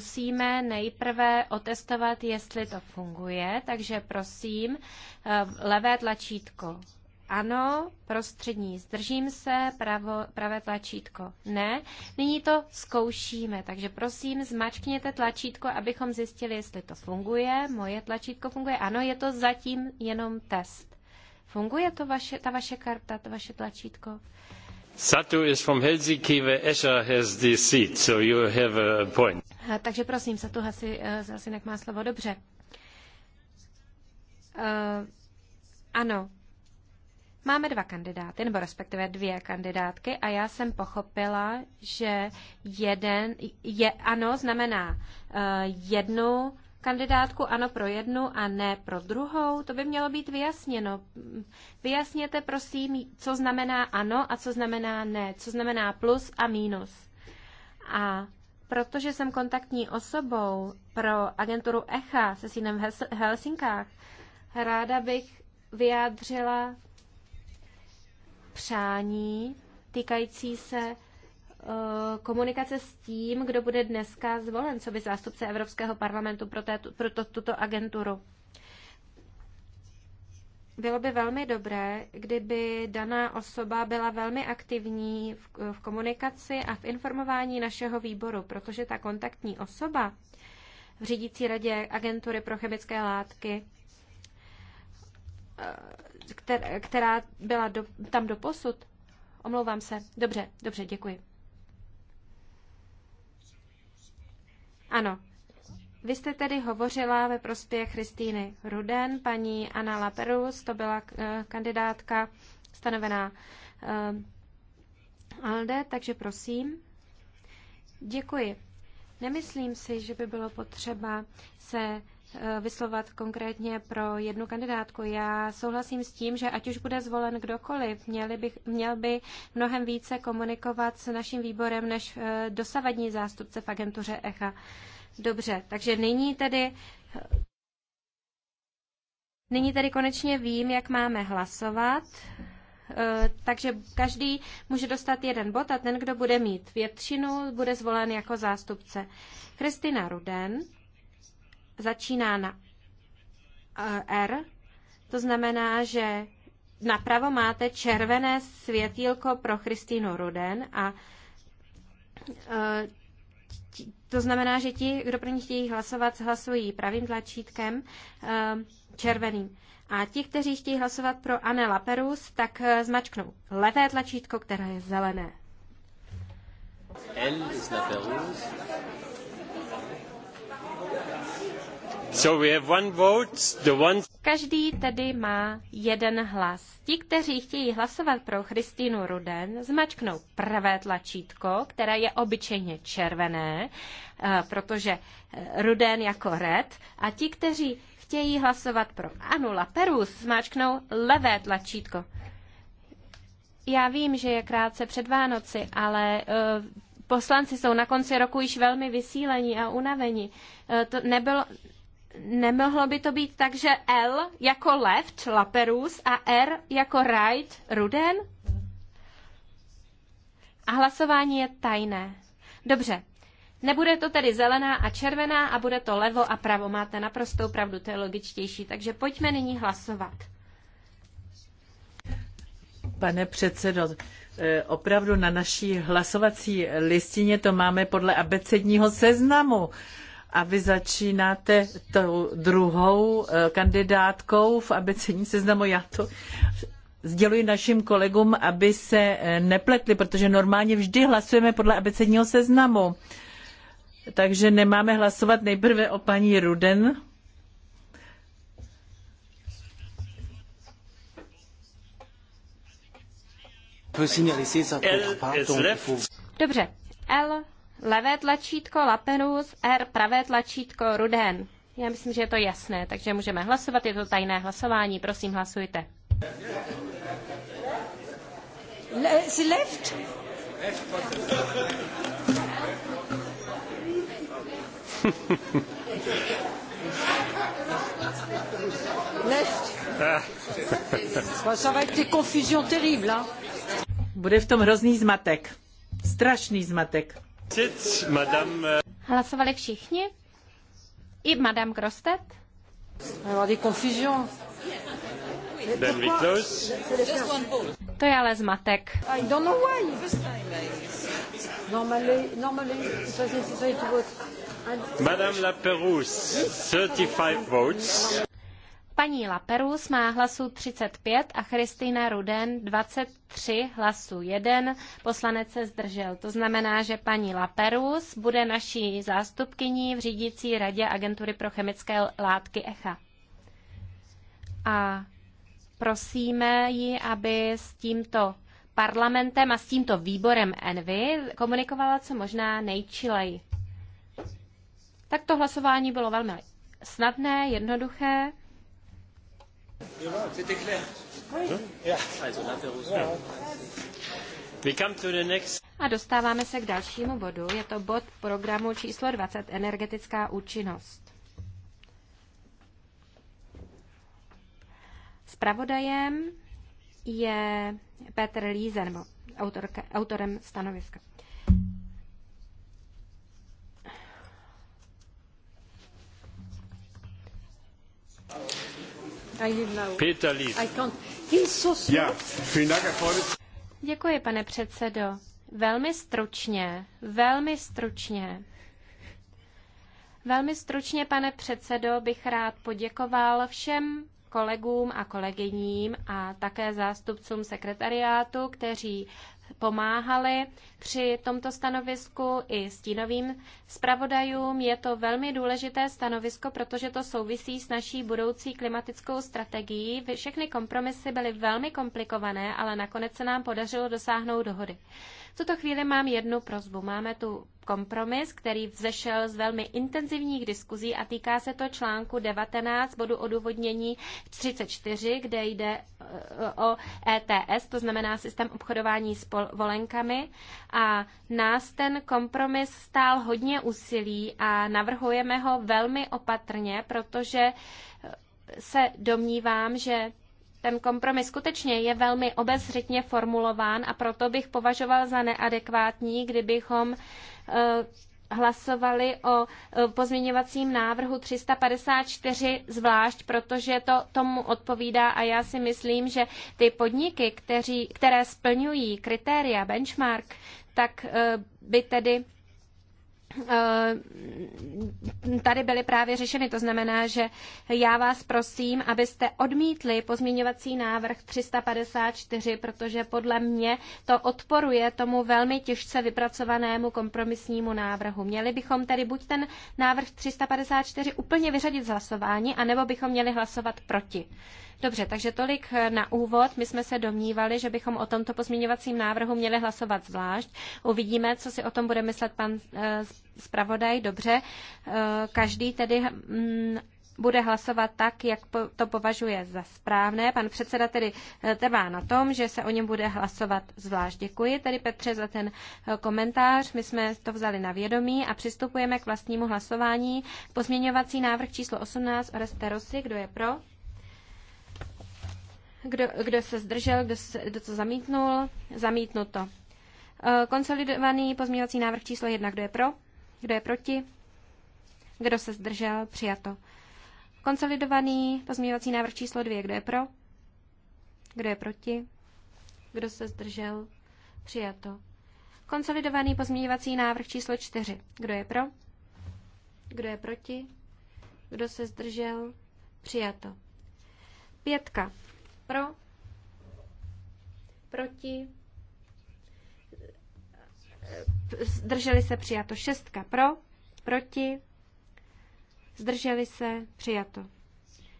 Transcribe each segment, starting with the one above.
Musíme nejprve otestovat, jestli to funguje, takže prosím, eh, levé tlačítko ano, prostřední zdržím se, pravo, pravé tlačítko ne. Nyní to zkoušíme, takže prosím zmačkněte tlačítko, abychom zjistili, jestli to funguje. Moje tlačítko funguje, ano, je to zatím jenom test. Funguje to vaše, ta vaše karta, to vaše tlačítko? Satu is from Helsinki, where Escher has the seat, so you have a point. Eh, takže prosím, Satu Hasi, Hasinek eh, má slovo. Dobře. Uh, ano. Máme dva kandidáty, nebo respektive dvě kandidátky a já jsem pochopila, že jeden je ano znamená uh, jednu kandidátku ano pro jednu a ne pro druhou? To by mělo být vyjasněno. Vyjasněte prosím, co znamená ano a co znamená ne, co znamená plus a mínus. A protože jsem kontaktní osobou pro agenturu ECHA se sínem v Helsinkách, ráda bych vyjádřila přání týkající se Eh, komunikace s tím, kdo bude dneska zvolen, co by zástupce Evropského parlamentu pro, tato, pro to, tuto agenturu. Bylo by velmi dobré, kdyby daná osoba byla velmi aktivní v, v komunikaci a v informování našeho výboru, protože ta kontaktní osoba v řídící radě agentury pro chemické látky, eh, která byla do, tam doposud, omlouvám se, dobře, dobře, děkuji. Ano. Vy jste tedy hovořila ve prospěch Kristýny Ruden, paní Anna Laperus, to byla eh, kandidátka stanovená eh, Alde, takže prosím. Děkuji. Nemyslím si, že by bylo potřeba se Eh, vyslovat konkrétně pro jednu kandidátku. Já souhlasím s tím, že ať už bude zvolen kdokoliv, měli bych, měl by mnohem více komunikovat s naším výborem než eh, dosavadní zástupce v agentuře ECHA. Dobře, takže nyní tedy Nyní tedy konečně vím, jak máme hlasovat. Eh, takže každý může dostat jeden bod a ten, kdo bude mít většinu, bude zvolen jako zástupce. Kristina Ruden začíná na R, to znamená, že napravo máte červené světílko pro Kristýnu Ruden a e, to znamená, že ti, kdo pro ní chtějí hlasovat, hlasují pravým tlačítkem e, červeným. A ti, kteří chtějí hlasovat pro Anne Laperus, tak e, zmačknou levé tlačítko, které je zelené. L is Laperus. So vote, Každý tedy má jeden hlas. Ti, kteří chtějí hlasovat pro Christinu Ruden, zmačknou pravé tlačítko, které je obyčejně červené, eh, protože eh, Ruden jako red, a ti, kteří chtějí hlasovat pro Anula Perus, zmačknou levé tlačítko. Já vím, že je krátce před Vánoci, ale eh, poslanci jsou na konci roku již velmi vysílení a unavení. To nebylo, nemohlo by to být tak, že L jako left, Laperus, a R jako right, Ruden? A hlasování je tajné. Dobře, Nebude to tedy zelená a červená a bude to levo a pravo. Máte naprostou pravdu, to je logičtější. Takže pojďme nyní hlasovat. Pane předsedo, eh, opravdu na naší hlasovací listině to máme podle abecedního seznamu a vy začínáte tou druhou eh, kandidátkou v abecedním seznamu. Já to sděluji našim kolegům, aby se eh, nepletli, protože normálně vždy hlasujeme podle abecedního seznamu. Takže nemáme hlasovat nejprve o paní Ruden. Dobře, L levé tlačítko Laperus, R pravé tlačítko Ruden. Já myslím, že je to jasné, takže můžeme hlasovat. Je to tajné hlasování. Prosím, hlasujte. Le, left? left. Bude v tom hrozný zmatek. Strašný zmatek. Eh. Hlasovali všichni? I Madame Grostet? Then To je ale zmatek. Madame La Perouse, 35 votes. Paní Laperus má hlasů 35 a Kristýna Ruden 23 hlasů. Jeden poslanec se zdržel. To znamená, že paní Laperus bude naší zástupkyní v řídící radě Agentury pro chemické látky ECHA. A prosíme ji, aby s tímto parlamentem a s tímto výborem Envy komunikovala co možná nejčileji. Tak to hlasování bylo velmi snadné, jednoduché. Ah, A dostáváme se k dalšímu bodu. Je to bod programu číslo 20 Energetická účinnost. Spravodajem je Petr Líze, nebo autorka, autorem stanoviska. Peter Děkuji, pane předsedo. Velmi stručně, velmi stručně. Velmi stručně, pane předsedo, bych rád poděkoval všem kolegům a kolegyním a také zástupcům sekretariátu, kteří pomáhali při tomto stanovisku i stínovým zpravodajům. Je to velmi důležité stanovisko, protože to souvisí s naší budoucí klimatickou strategií. Všechny kompromisy byly velmi komplikované, ale nakonec se nám podařilo dosáhnout dohody. V tuto chvíli mám jednu prozbu. Máme tu kompromis, který vzešel z velmi intenzivních diskuzí a týká se to článku 19 bodu odůvodnění 34, kde jde eh, o ETS, to znamená systém obchodování s volenkami. A nás ten kompromis stál hodně úsilí a navrhujeme ho velmi opatrně, protože se domnívám, že ten kompromis skutečně je velmi obezřetně formulován a proto bych považoval za neadekvátní, kdybychom e, hlasovali o e, pozměňovacím návrhu 354 zvlášť, protože to tomu odpovídá a já si myslím, že ty podniky, kteří, které splňují kritéria benchmark, tak e, by tedy Eh, tady byly právě řešeny. To znamená, že já vás prosím, abyste odmítli pozměňovací návrh 354, protože podle mě to odporuje tomu velmi těžce vypracovanému kompromisnímu návrhu. Měli bychom tedy buď ten návrh 354 úplně vyřadit z hlasování, anebo bychom měli hlasovat proti. Dobře, takže tolik eh, na úvod. My jsme se domnívali, že bychom o tomto pozměňovacím návrhu měli hlasovat zvlášť. Uvidíme, co si o tom bude myslet pan eh, zpravodaj. Dobře, eh, každý tedy mm, bude hlasovat tak, jak to považuje za správné. Pan předseda tedy trvá na tom, že se o něm bude hlasovat zvlášť. Děkuji tedy Petře za ten komentář. My jsme to vzali na vědomí a přistupujeme k vlastnímu hlasování. Pozměňovací návrh číslo 18 Oreste Rosy, kdo je pro? Kdo, kdo se zdržel? Kdo, se, kdo to zamítnul? Zamítnuto. E, konsolidovaný pozměňovací návrh číslo 1. Kdo je pro? Kdo je proti? Kdo se zdržel? Přijato. Konsolidovaný pozměňovací návrh číslo 2. Kdo je pro? Kdo je proti? Kdo se zdržel? Přijato. Konsolidovaný pozměňovací návrh číslo 4. Kdo je pro? Kdo je proti? Kdo se zdržel? Přijato. Pětka. Pro? Proti? Zdrželi se přijato. Šestka pro? Proti? Zdrželi se přijato.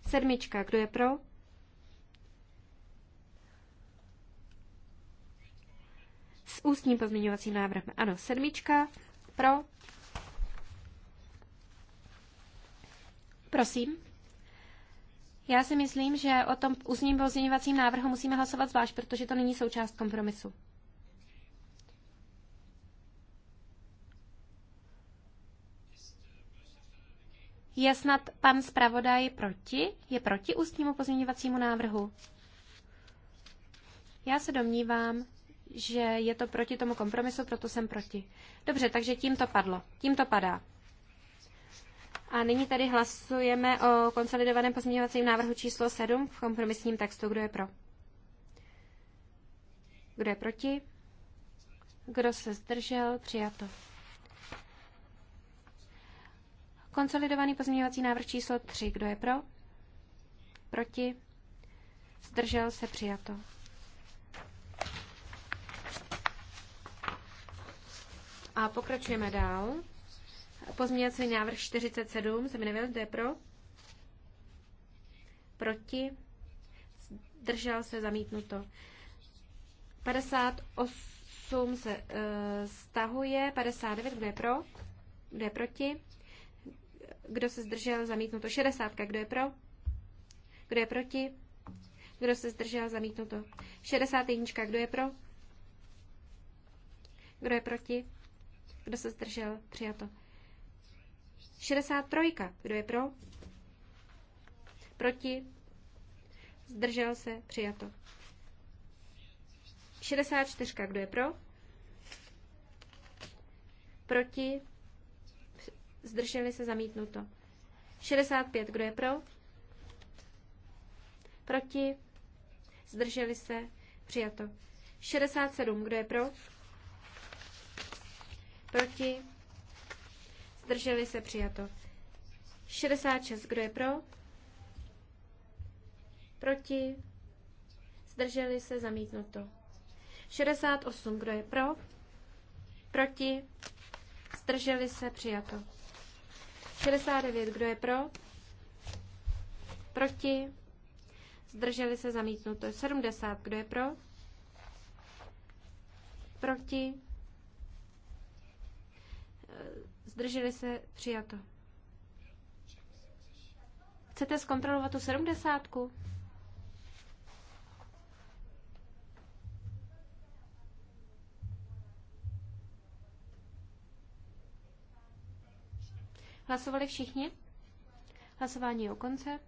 Sedmička, kdo je pro? S ústním pozměňovacím návrhem. Ano, sedmička pro. Prosím. Já si myslím, že o tom ústním pozměňovacím návrhu musíme hlasovat zvlášť, protože to není součást kompromisu. Je snad pan zpravodaj proti? Je proti ústnímu pozměňovacímu návrhu? Já se domnívám, že je to proti tomu kompromisu, proto jsem proti. Dobře, takže tím to padlo. Tím to padá. A nyní tady hlasujeme o konsolidovaném pozměňovacím návrhu číslo 7 v kompromisním textu. Kdo je pro? Kdo je proti? Kdo se zdržel? Přijato. Konsolidovaný pozměňovací návrh číslo 3. Kdo je pro? Proti? Zdržel se přijato. A pokračujeme dál. Pozměňovací návrh 47, jsem nevěděl, kdo je pro. Proti. Držel se zamítnuto. 58 se e, stahuje, 59, kdo je pro, kdo je proti. Kdo se zdržel, zamítnuto. 60, kdo je pro, kdo je proti. Kdo se zdržel, zamítnuto. 61, kdo je pro, kdo je proti. Kdo se zdržel, přijato. 63. Kdo je pro? Proti? Zdržel se? Přijato. 64. Kdo je pro? Proti? Zdrželi se? Zamítnuto. 65. Kdo je pro? Proti? Zdrželi se? Přijato. 67. Kdo je pro? Proti? Zdrželi se přijato. 66. Kdo je pro? Proti? Zdrželi se zamítnuto. 68. Kdo je pro? Proti? Zdrželi se přijato. 69. Kdo je pro? Proti? Zdrželi se zamítnuto. 70. Kdo je pro? Proti? zdrželi se, přijato. Chcete zkontrolovat tu sedmdesátku? Hlasovali všichni? Hlasování je u konce.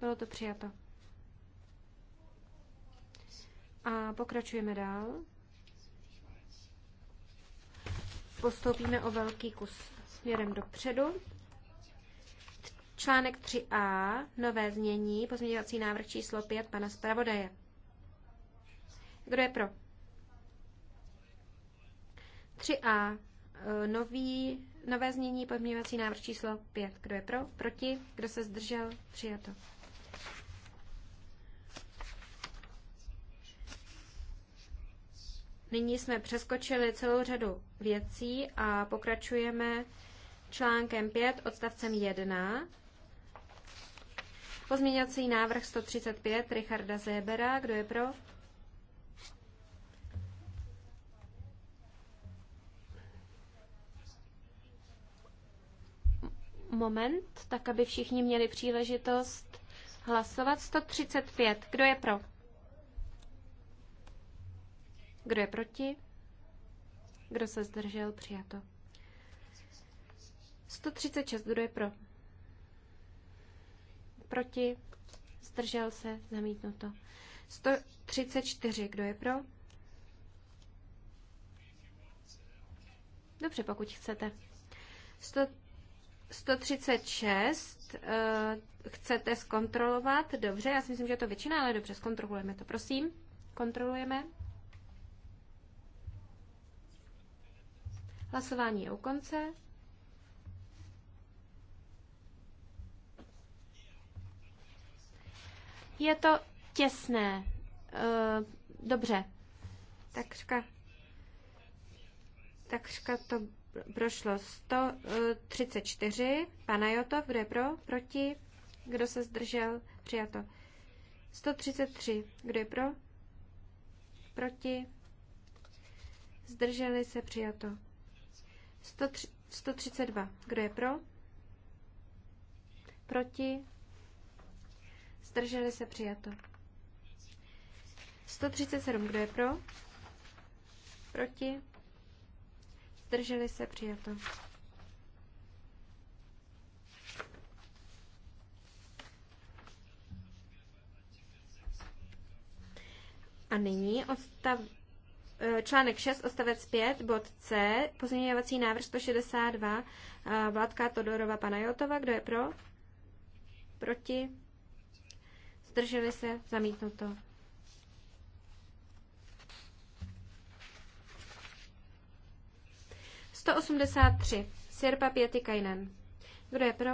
Bylo to přijato. A pokračujeme dál postoupíme o velký kus směrem dopředu. Článek 3a, nové znění, pozměňovací návrh číslo 5 pana zpravodaje. Kdo je pro? 3a, eh, nový, nové znění, pozměňovací návrh číslo 5. Kdo je pro? Proti? Kdo se zdržel? Přijato. Nyní jsme přeskočili celou řadu věcí a pokračujeme článkem 5 odstavcem 1. Pozměňovací návrh 135 Richarda Zébera. Kdo je pro? Moment, tak aby všichni měli příležitost hlasovat. 135. Kdo je pro? Kdo je proti? Kdo se zdržel? Přijato. 136. Kdo je pro? Proti? Zdržel se? Zamítnuto. 134. Kdo je pro? Dobře, pokud chcete. 100, 136 uh, chcete zkontrolovat. Dobře, já si myslím, že je to většina, ale dobře, zkontrolujeme to, prosím. Kontrolujeme. Hlasování je u konce. Je to těsné. Eh, dobře. Takřka, takřka to prošlo 134. Pana Jotov, kdo je pro? Proti? Kdo se zdržel? Přijato. 133. Kdo je pro? Proti? Zdrželi se přijato. 132. Kdo je pro? Proti? Zdrželi se přijato. 137. Kdo je pro? Proti? Zdrželi se přijato. A nyní odstav Eh, článek 6, odstavec 5, bod C, pozměňovací návrh 162, eh, Vládka Todorova Jotova, kdo je pro? Proti? Zdrželi se? Zamítnuto. Sto osmdesát tři. Sirpa Pietikainen. Kdo je pro?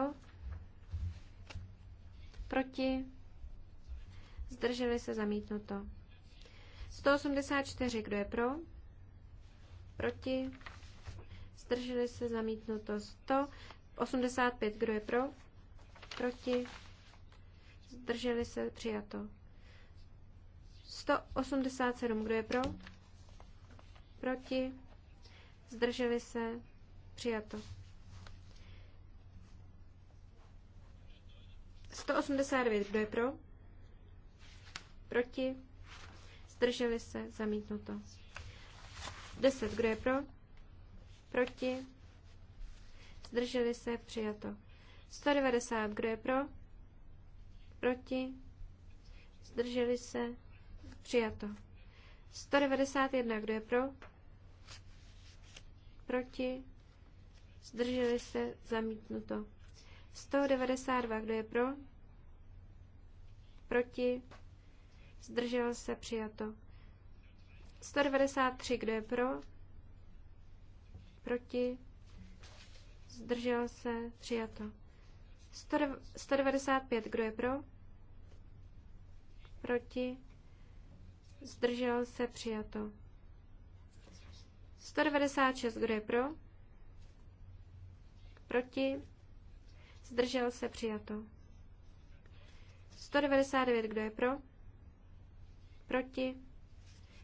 Proti? Zdrželi se? Zamítnuto. 184, kdo je pro? Proti? Zdrželi se zamítnuto 185, kdo je pro? Proti? Zdrželi se přijato. 187, kdo je pro? Proti? Zdrželi se přijato. 189, kdo je pro? Proti? zdrželi se, zamítnuto. 10, kdo je pro, proti, zdrželi se, přijato. 190, kdo je pro, proti, zdrželi se, přijato. 191, kdo je pro, proti, zdrželi se, zamítnuto. 192, kdo je pro, proti, zdržel se, přijato. 193, kdo je pro, proti, zdržel se, přijato. 195, kdo je pro, proti, zdržel se, přijato. 196, kdo je pro, proti, zdržel se, přijato. 199, kdo je pro, proti,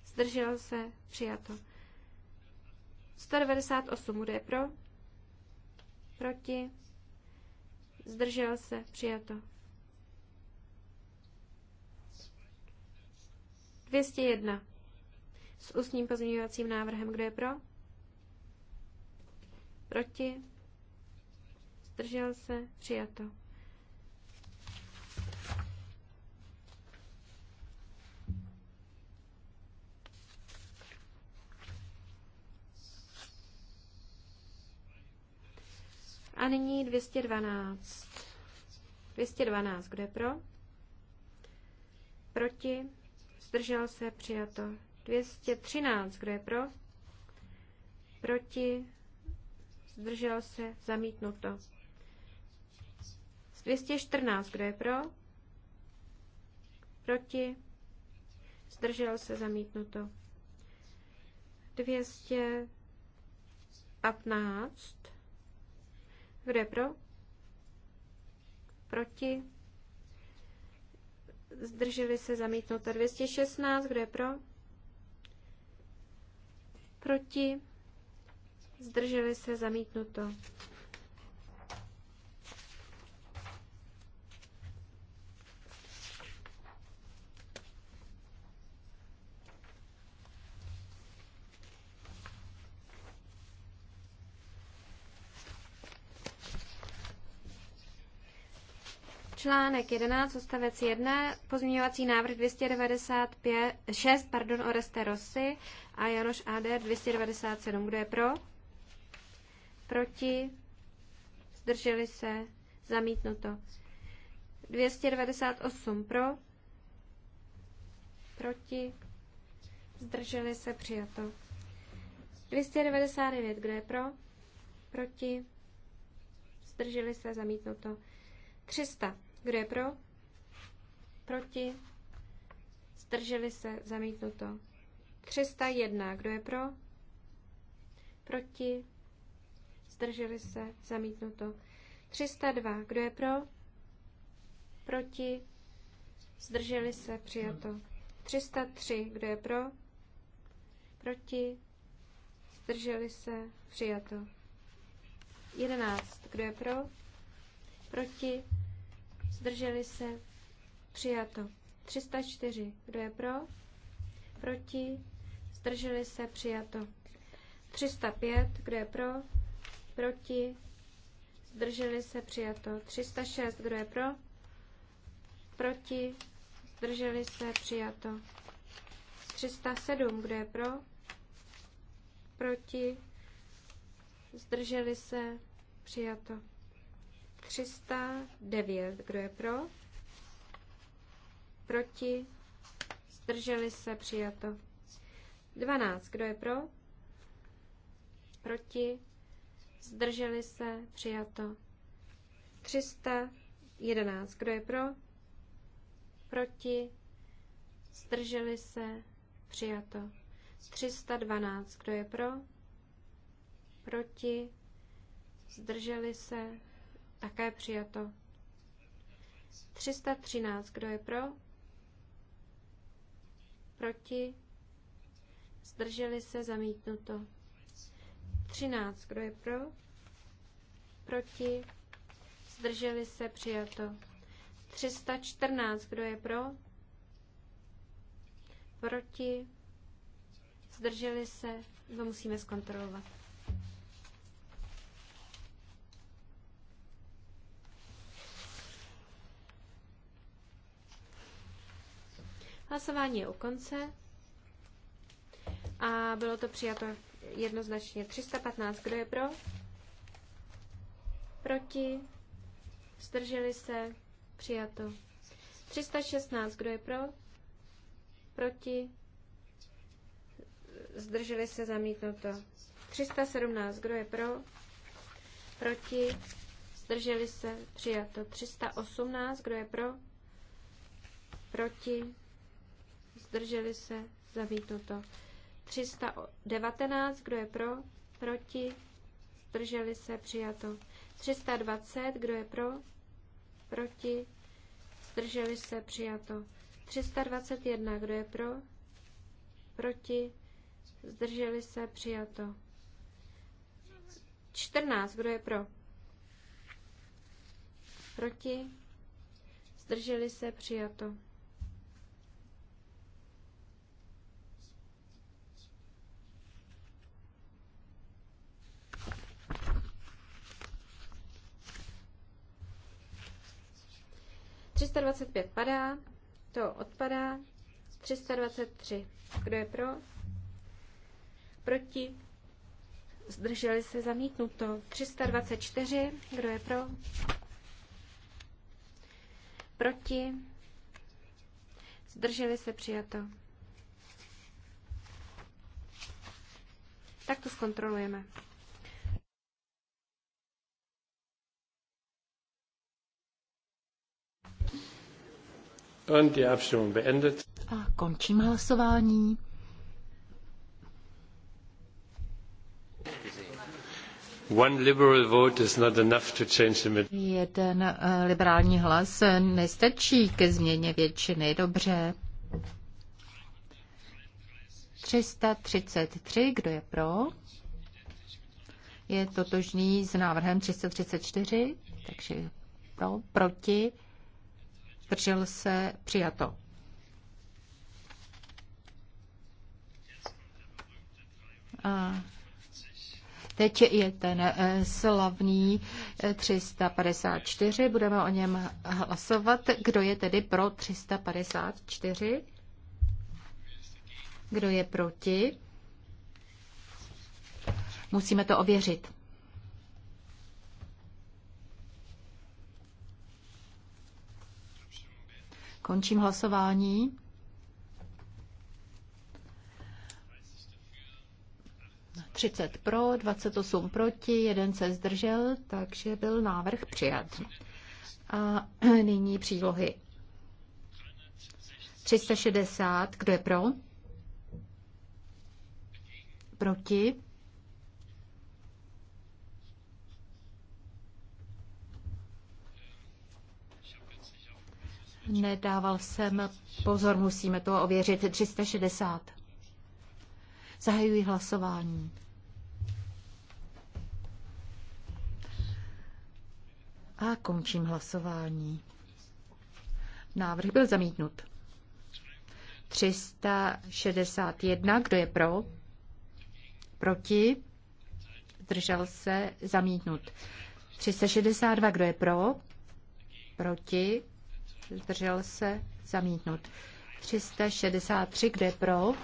zdržel se, přijato. 198 bude pro, proti, zdržel se, přijato. 201 s ústním pozměňovacím návrhem, kdo je pro, proti, zdržel se, přijato. A nyní 212. 212, kdo je pro? Proti? Zdržel se, přijato. 213, kdo je pro? Proti? Zdržel se, zamítnuto. 214, kdo je pro? Proti? Zdržel se, zamítnuto. 215. Kdo je pro? Proti? Zdrželi se zamítnuto 216. Kdo je pro? Proti? Zdrželi se zamítnuto Článek 11, odstavec 1, pozměňovací návrh 296, pardon, Oreste Rossi a Janoš AD 297. Kdo je pro? Proti? Zdrželi se? Zamítnuto. 298 pro? Proti? Zdrželi se? Přijato. 299, kdo je pro? Proti? Zdrželi se? Zamítnuto. 300. Kdo je pro? Proti? Zdrželi se? Zamítnuto. 301. Kdo je pro? Proti? Zdrželi se? Zamítnuto. 302. Kdo je pro? Proti? Zdrželi se? Přijato. 303. Kdo je pro? Proti? Zdrželi se? Přijato. 11. Kdo je pro? Proti? Zdrželi se? Přijato. 304. Kdo je pro? Proti? Zdrželi se? Přijato. 305. Kdo je pro? Proti? Zdrželi se? Přijato. 306. Kdo je pro? Proti? Zdrželi se? Přijato. 307. Kdo je pro? Proti? Zdrželi se? Přijato. 309. Kdo je pro? Proti? Zdrželi se? Přijato. 12. Kdo je pro? Proti? Zdrželi se? Přijato. 311. Kdo je pro? Proti? Zdrželi se? Přijato. 312. Kdo je pro? Proti? Zdrželi se? Také přijato. 313. Kdo je pro? Proti? Zdrželi se zamítnuto. 13. Kdo je pro? Proti? Zdrželi se přijato. 314. Kdo je pro? Proti? Zdrželi se? To musíme zkontrolovat. Hlasování je u konce. A bylo to přijato jednoznačně 315. Kdo je pro? Proti? Zdrželi se? Přijato. 316. Kdo je pro? Proti? Zdrželi se? Zamítnuto. 317. Kdo je pro? Proti? Zdrželi se? Přijato. 318. Kdo je pro? Proti? zdrželi se, to. 319, kdo je pro, proti, zdrželi se, přijato. 320, kdo je pro, proti, zdrželi se, přijato. 321, kdo je pro, proti, zdrželi se, přijato. 14, kdo je pro, proti, zdrželi se, přijato. 325 padá, to odpadá. 323. Kdo je pro? Proti? Zdrželi se zamítnuto. 324. Kdo je pro? Proti? Zdrželi se přijato. Tak to zkontrolujeme. A končím hlasování. One liberal vote is not enough to change the... Jeden eh, liberální hlas nestačí ke změně většiny. Dobře. 333, kdo je pro? Je totožný s návrhem 334, takže pro, proti, zdržel se, přijato. A teď je ten eh, slavný 354, eh, budeme o něm hlasovat. Kdo je tedy pro 354? Kdo je proti? Musíme to ověřit. Končím hlasování. Třicet pro, 28 proti, jeden se zdržel, takže byl návrh přijat. A nyní přílohy. 360, kdo je pro? Proti? Nedával jsem pozor, musíme to ověřit. 360. Zahajuji hlasování. A končím hlasování. Návrh byl zamítnut. 361. Kdo je pro? Proti? Zdržel se? Zamítnut. 362. Kdo je pro? Proti? zdržel se, zamítnut. 363, kde pro,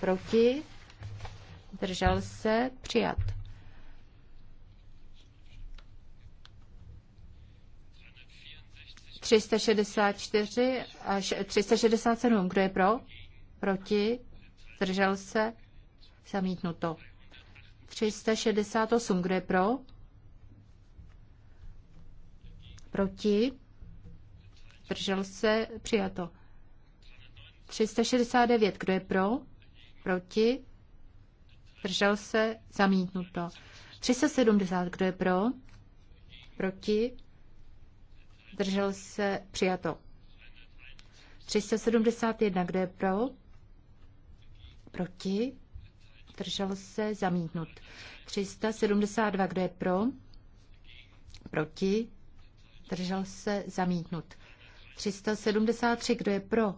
proti, zdržel se, přijat. 364 až 367. Kdo je pro? Proti? Zdržel se? Zamítnuto. 368. Kdo je pro? proti, držel se, přijato. 369, kdo je pro, proti, držel se, zamítnuto. 370, kdo je pro, proti, držel se, přijato. 371, kdo je pro, proti, držel se, zamítnut. 372, kdo je pro, proti, zdržel se, zamítnut. 373, kdo je pro,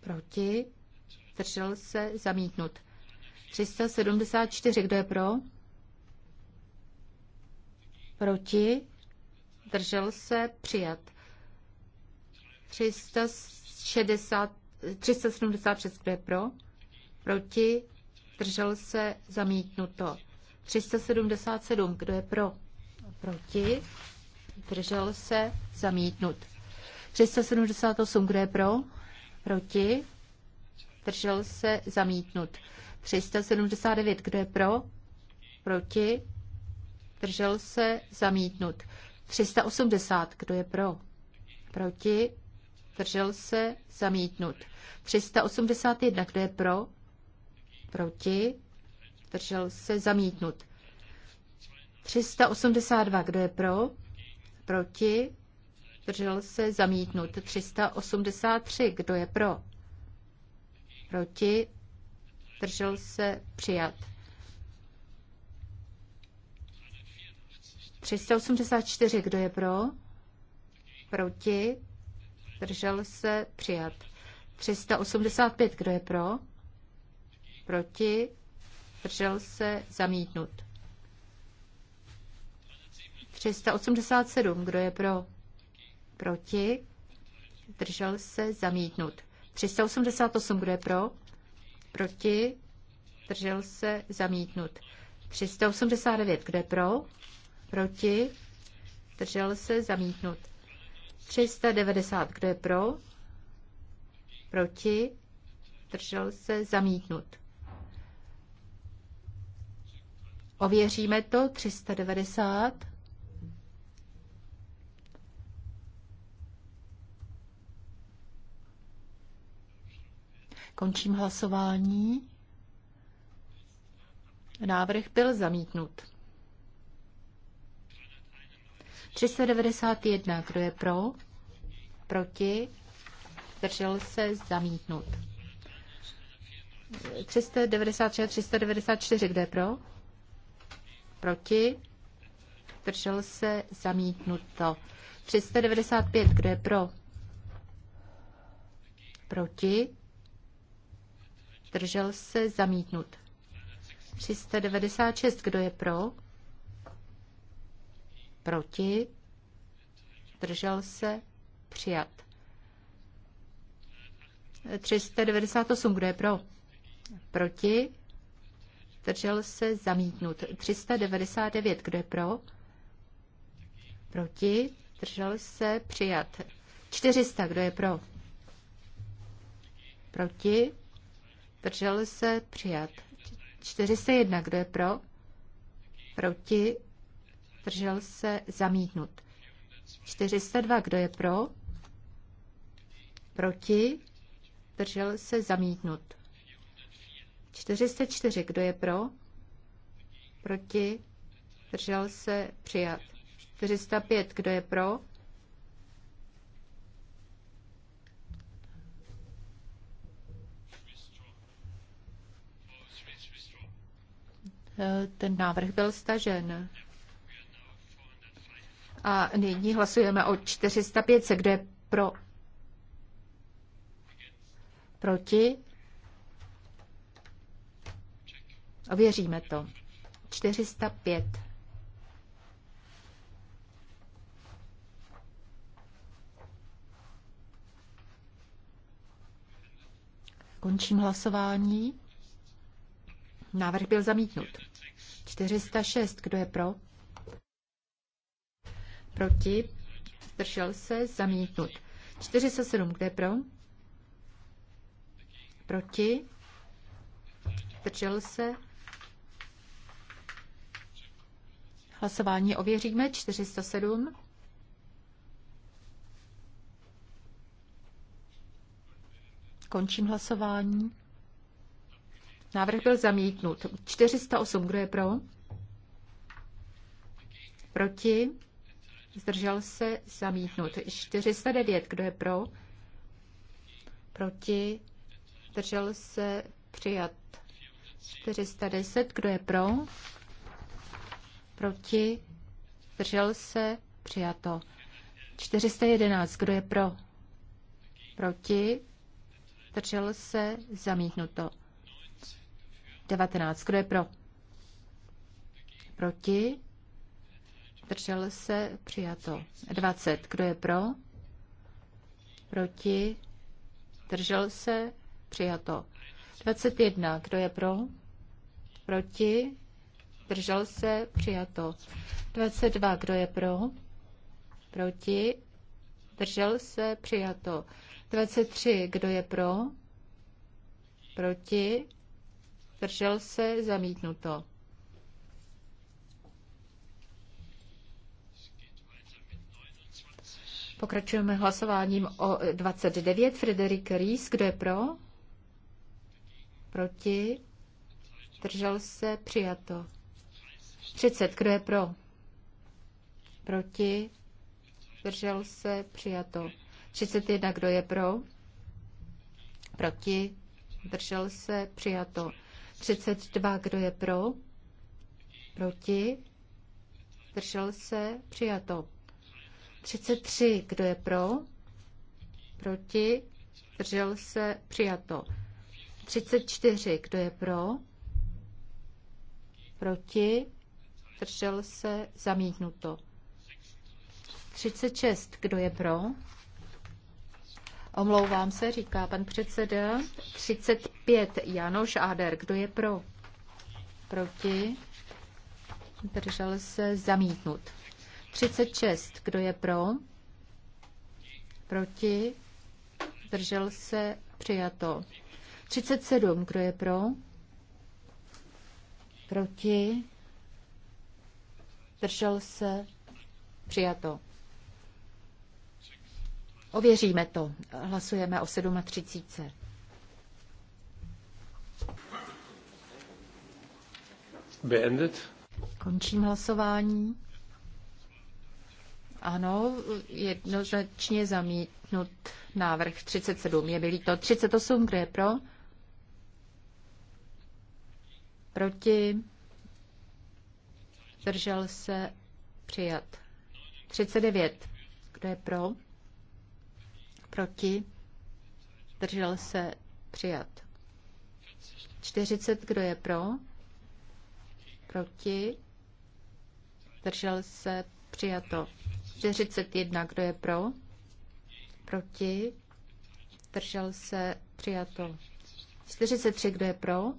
proti, zdržel se, zamítnut. 374, kdo je pro, proti, zdržel se, přijat. 360, 376, kdo je pro, proti, držel se, zamítnuto. 377, kdo je pro, proti, Držel se? Zamítnut. 378, kdo je pro? Proti? Držel se? Zamítnut. 379, kdo je pro? Proti? Držel se? Zamítnut. 380, kdo je pro? Proti? Držel se? Zamítnut. 381, kdo je pro? Proti? Držel se? Zamítnut. 382, kdo je pro? Proti? Držel se zamítnut. 383. Kdo je pro? Proti? Držel se přijat. 384. Kdo je pro? Proti? Držel se přijat. 385. Kdo je pro? Proti? Držel se zamítnut. 387. Kdo je pro? Proti? Držel se zamítnut. 388. Kdo je pro? Proti? Držel se zamítnut. 389. Kdo je pro? Proti? Držel se zamítnut. 390. Kdo je pro? Proti? Držel se zamítnut. Ověříme to. 390. Končím hlasování. Návrh byl zamítnut. 391. Kdo je pro? Proti? Zdržel se zamítnut. 393 394. Kdo je pro? Proti? Zdržel se zamítnuto. 395. Kdo je pro? Proti? zdržel se, zamítnut. 396, kdo je pro? Proti, Držel se, přijat. 398, kdo je pro? Proti, Držel se, zamítnut. 399, kdo je pro? Proti, Držel se, přijat. 400, kdo je pro? Proti, Zdržel se? Přijat. 401. Kdo je pro? Proti? Zdržel se? Zamítnut. 402. Kdo je pro? Proti? Zdržel se? Zamítnut. 404. Kdo je pro? Proti? Zdržel se? Přijat. 405. Kdo je pro? Eh, ten návrh byl stažen. A nyní hlasujeme o 405, kde je pro. Proti. Ověříme to. 405. Končím hlasování. Návrh byl zamítnut. 406. Kdo je pro? Proti? Zdržel se? Zamítnut. 407. Kdo je pro? Proti? Zdržel se? Hlasování ověříme. 407. Končím hlasování. Návrh byl zamítnut. 408, kdo je pro? Proti? Zdržel se zamítnut. 409, kdo je pro? Proti? Zdržel se přijat. 410, kdo je pro? Proti? Zdržel se přijato. 411, kdo je pro? Proti? Zdržel se zamítnuto. 19. Kdo je pro? Proti? Držel se? Přijato. 20. Kdo je pro? Proti? Držel se? Přijato. 21. Kdo je pro? Proti? Držel se? Přijato. 22. Kdo je pro? Proti? Držel se? Přijato. 23. Kdo je pro? Proti? zdržel se, zamítnuto. Pokračujeme hlasováním o 29. Frederik Ries, kdo je pro? Proti? Držel se? Přijato. 30. Kdo je pro? Proti? Držel se? Přijato. 31. Kdo je pro? Proti? Držel se? Přijato. 32, kdo je pro? Proti? Držel se? Přijato. 33, kdo je pro? Proti? Držel se? Přijato. 34, kdo je pro? Proti? Držel se? Zamítnuto. 36, kdo je pro? Omlouvám se, říká pan předseda. 35 Janoš Áder. Kdo je pro? Proti? Držel se zamítnut. 36. Kdo je pro? Proti? Držel se přijato. 37. Kdo je pro? Proti? Držel se přijato. Ověříme to. Hlasujeme o 37. Beendet. Končím hlasování. Ano, jednoznačně zamítnut návrh 37. Je byli to 38, kde je pro? Proti? Zdržel se přijat. 39. Kdo je pro? proti, držel se, přijat. 40, kdo je pro, proti, držel se, přijato. 41, kdo je pro, proti, držel se, přijato. 43, kdo je pro,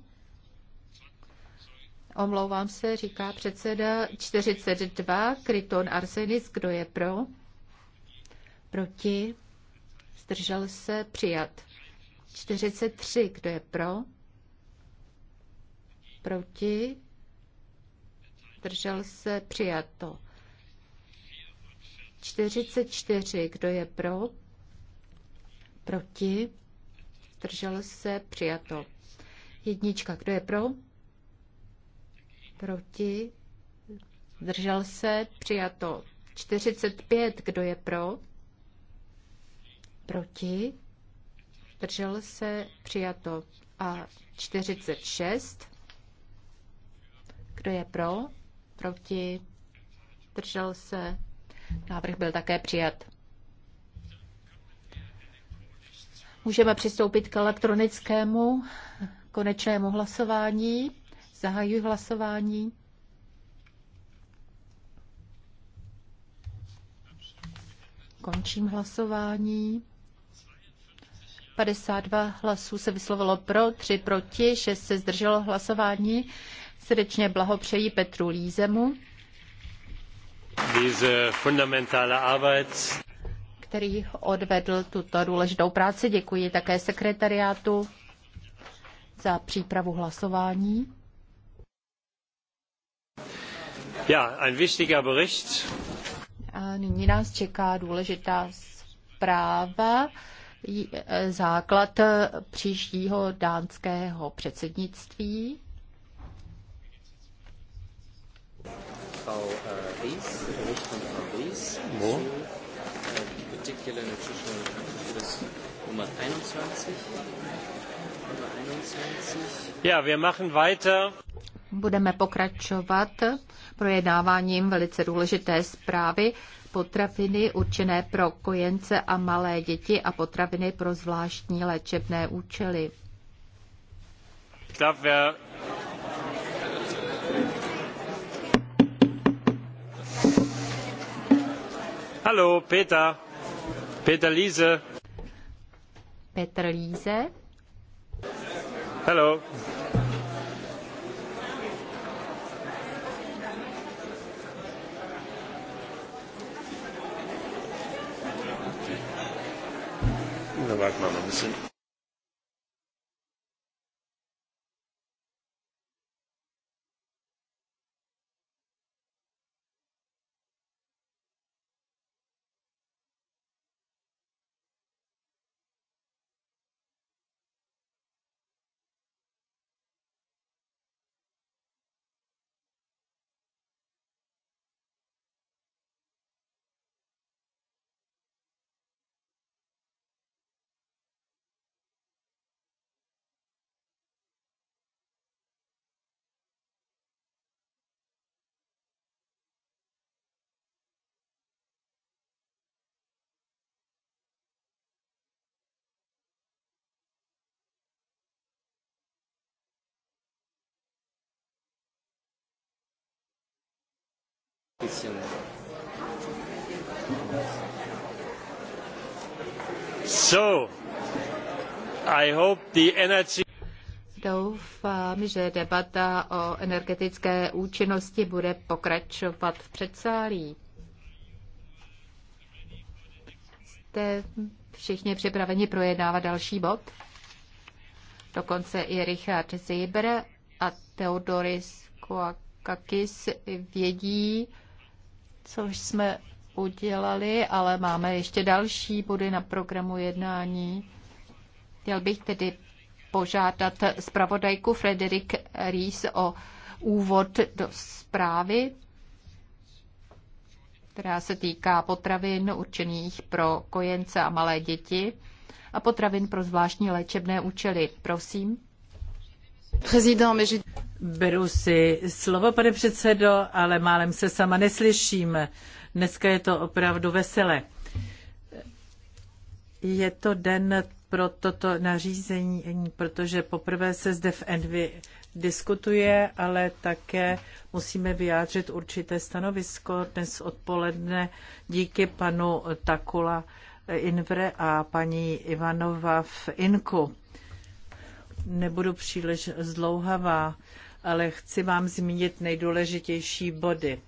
Omlouvám se, říká předseda 42, Kryton Arsenis, kdo je pro? Proti? zdržel se, přijat. 43, kdo je pro, proti, zdržel se, přijato. 44, kdo je pro, proti, zdržel se, přijato. Jednička, kdo je pro, proti, zdržel se, přijato. 45, kdo je pro, proti, držel se, přijato. A 46, kdo je pro, proti, držel se, návrh byl také přijat. Můžeme přistoupit k elektronickému konečnému hlasování. Zahajuji hlasování. Končím hlasování. 52 hlasů se vyslovilo pro, 3 proti, 6 se zdrželo hlasování. Srdečně blahopřeji Petru Lízemu, eh, který odvedl tuto důležitou práci. Děkuji také sekretariátu za přípravu hlasování. Ja, ein wichtiger Bericht. A nyní nás čeká důležitá zpráva. E, základ e, příštího dánského předsednictví. Ja, wir machen weiter. Budeme pokračovat projednáváním velice důležité zprávy potraviny určené pro kojence a malé děti a potraviny pro zvláštní léčebné účely. Hallo, Peter. Peter Liese. Peter Liese. Hallo. weitermachen müssen. So, I hope the energy... Doufám, že debata o energetické účinnosti bude pokračovat v předsálí. Jste všichni připraveni projednávat další bod? Dokonce i Richard Zieber a Theodoris Kouakakis vědí, což jsme udělali, ale máme ještě další body na programu jednání. Chtěl bych tedy požádat zpravodajku Frederik Ries o úvod do zprávy, která se týká potravin určených pro kojence a malé děti a potravin pro zvláštní léčebné účely. Prosím. Beru si slovo, pane předsedo, ale málem se sama neslyším. Dneska je to opravdu veselé. Je to den pro toto nařízení, protože poprvé se zde v Envy diskutuje, ale také musíme vyjádřit určité stanovisko. Dnes odpoledne díky panu Takula Invre a paní Ivanova v Inku. Nebudu příliš zdlouhavá ale chci vám zmínit nejdůležitější body.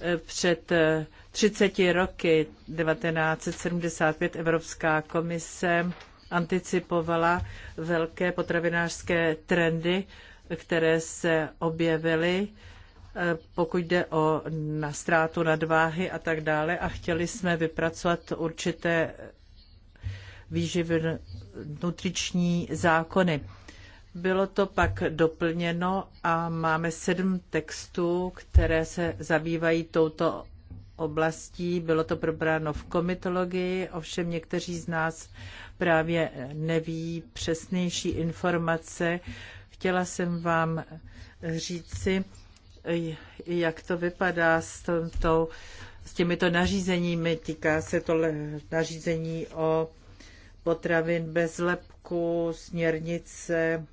E, před 30 e, roky 1975 Evropská komise anticipovala velké potravinářské trendy, které se objevily, e, pokud jde o na ztrátu nadváhy a tak dále. A chtěli jsme vypracovat určité výživy nutriční zákony. Bylo to pak doplněno a máme sedm textů, které se zabývají touto oblastí. Bylo to probráno v komitologii, ovšem někteří z nás právě neví přesnější informace. Chtěla jsem vám říci, jak to vypadá s, tomto, s těmito nařízeními. Týká se to nařízení o potravin bez lepku, směrnice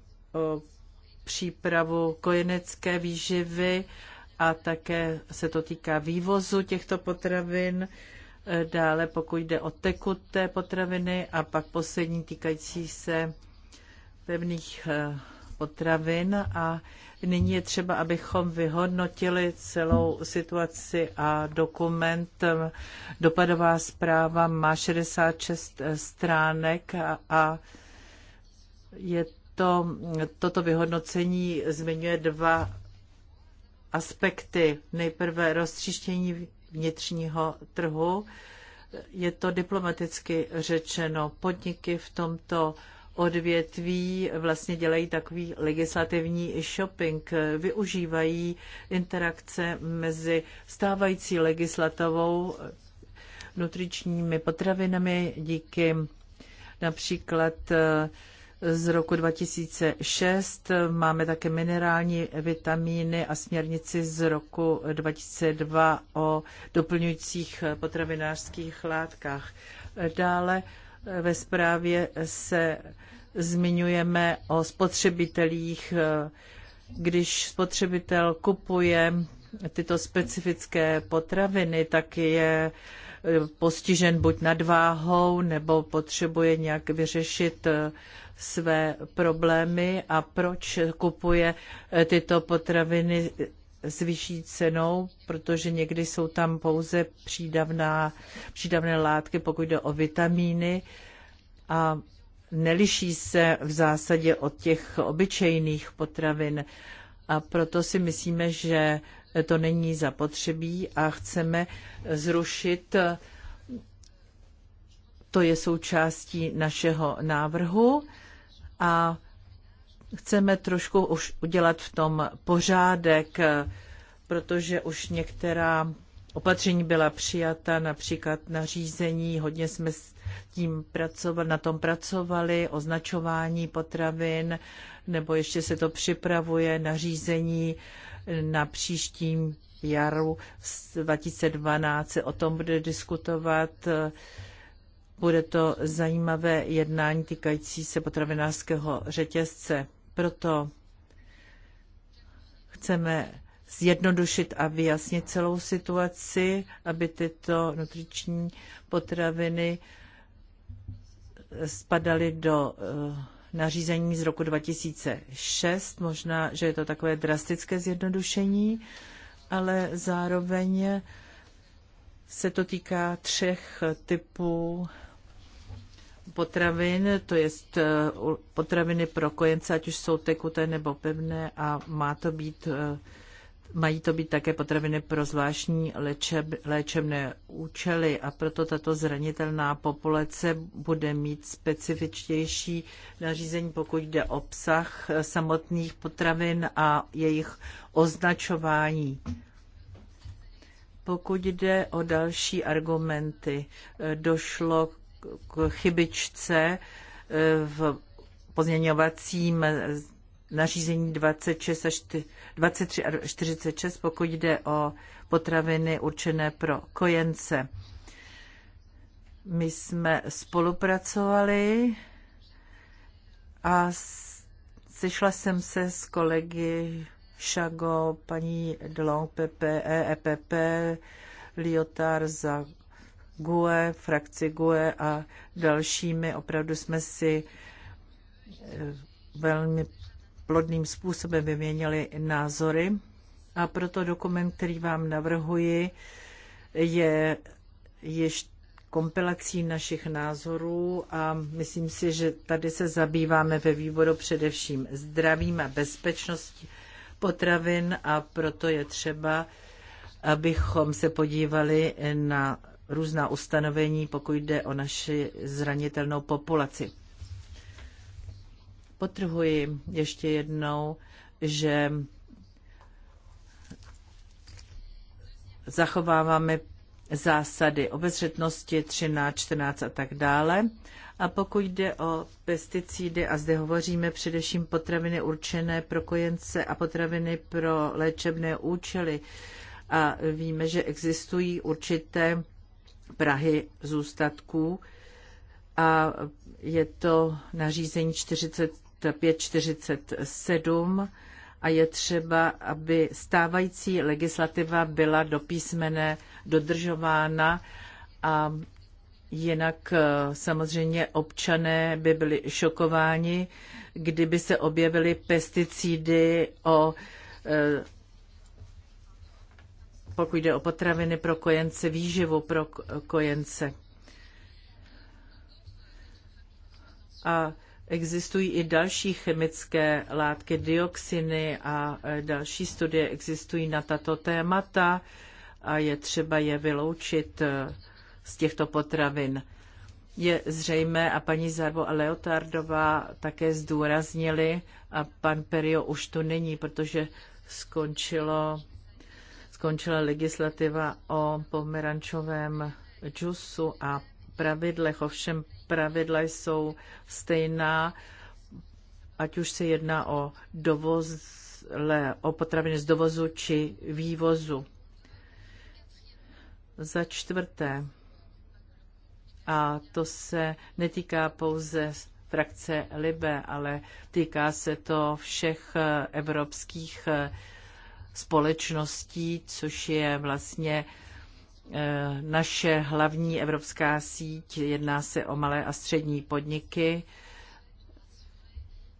přípravu kojenecké výživy a také se to týká vývozu těchto potravin, dále pokud jde o tekuté potraviny a pak poslední týkající se pevných eh, potravin a nyní je třeba, abychom vyhodnotili celou situaci a dokument. Eh, dopadová zpráva má 66 eh, stránek a, a je to, toto vyhodnocení zmiňuje dva aspekty. Nejprve roztříštění vnitřního trhu. Je to diplomaticky řečeno. Podniky v tomto odvětví vlastně dělají takový legislativní shopping, využívají interakce mezi stávající legislativou, nutričními potravinami díky například eh, z roku 2006, máme také minerální vitamíny a směrnici z roku 2002 o doplňujících potravinářských látkách. Dále ve zprávě se zmiňujeme o spotřebitelích, když spotřebitel kupuje tyto specifické potraviny, tak je postižen buď nadváhou nebo potřebuje nějak vyřešit eh, své problémy a proč kupuje eh, tyto potraviny s vyšší cenou, protože někdy jsou tam pouze přídavná, přídavné látky, pokud jde o vitamíny a neliší se v zásadě od těch obyčejných potravin. A proto si myslíme, že to není zapotřebí a chceme zrušit to je součástí našeho návrhu a chceme trošku už udělat v tom pořádek, protože už některá opatření byla přijata, například nařízení, hodně jsme s tím pracovali, na tom pracovali, označování potravin, nebo ještě se to připravuje, nařízení na příštím jaru 2012 se o tom bude diskutovat. Bude to zajímavé jednání týkající se potravinářského řetězce. Proto chceme zjednodušit a vyjasnit celou situaci, aby tyto nutriční potraviny spadaly do eh, nařízení z roku 2006. Možná, že je to takové drastické zjednodušení, ale zároveň se to týká třech typů potravin, to je eh, potraviny pro kojence, ať už jsou tekuté nebo pevné a má to být eh, Mají to být také potraviny pro zvláštní léčeb, léčebné účely a proto tato zranitelná populace bude mít specifičtější nařízení, pokud jde o obsah samotných potravin a jejich označování. Pokud jde o další argumenty, došlo k chybičce eh, v pozměňovacím nařízení 26 a 23 a 46, pokud jde o potraviny určené pro kojence. My jsme spolupracovali a sešla jsem se s kolegy Šago, paní Delong PPE, EPP, Liotar za GUE, frakci GUE a dalšími. Opravdu jsme si eh, velmi plodným způsobem vyměnili názory a proto dokument, který vám navrhuji, je již kompilací našich názorů a myslím si, že tady se zabýváme ve výboru především zdravím a bezpečností potravin a proto je třeba, abychom se podívali na různá ustanovení, pokud jde o naši zranitelnou populaci. Potrhuji ještě jednou, že zachováváme zásady obezřetnosti 13, 14 a tak dále. A pokud jde o pesticidy, a zde hovoříme především potraviny určené pro kojence a potraviny pro léčebné účely, a víme, že existují určité prahy zůstatků a je to nařízení 40 547 a je třeba, aby stávající legislativa byla do písmene dodržována a jinak eh, samozřejmě občané by byli šokováni, kdyby se objevily pesticidy o eh, pokud jde o potraviny pro kojence, výživu pro kojence. A Existují i další chemické látky, dioxiny a e, další studie existují na tato témata a je třeba je vyloučit e, z těchto potravin. Je zřejmé, a paní Zarbo a Leotardová také zdůraznili, a pan Perio už tu není, protože skončilo, skončila legislativa o pomerančovém džusu a pravidlech, ovšem pravidla jsou stejná, ať už se jedná o dovoz, o potraviny z dovozu či vývozu. Za čtvrté, a to se netýká pouze frakce Libe, ale týká se to všech evropských společností, což je vlastně Eh, naše hlavní evropská síť, jedná se o malé a střední podniky,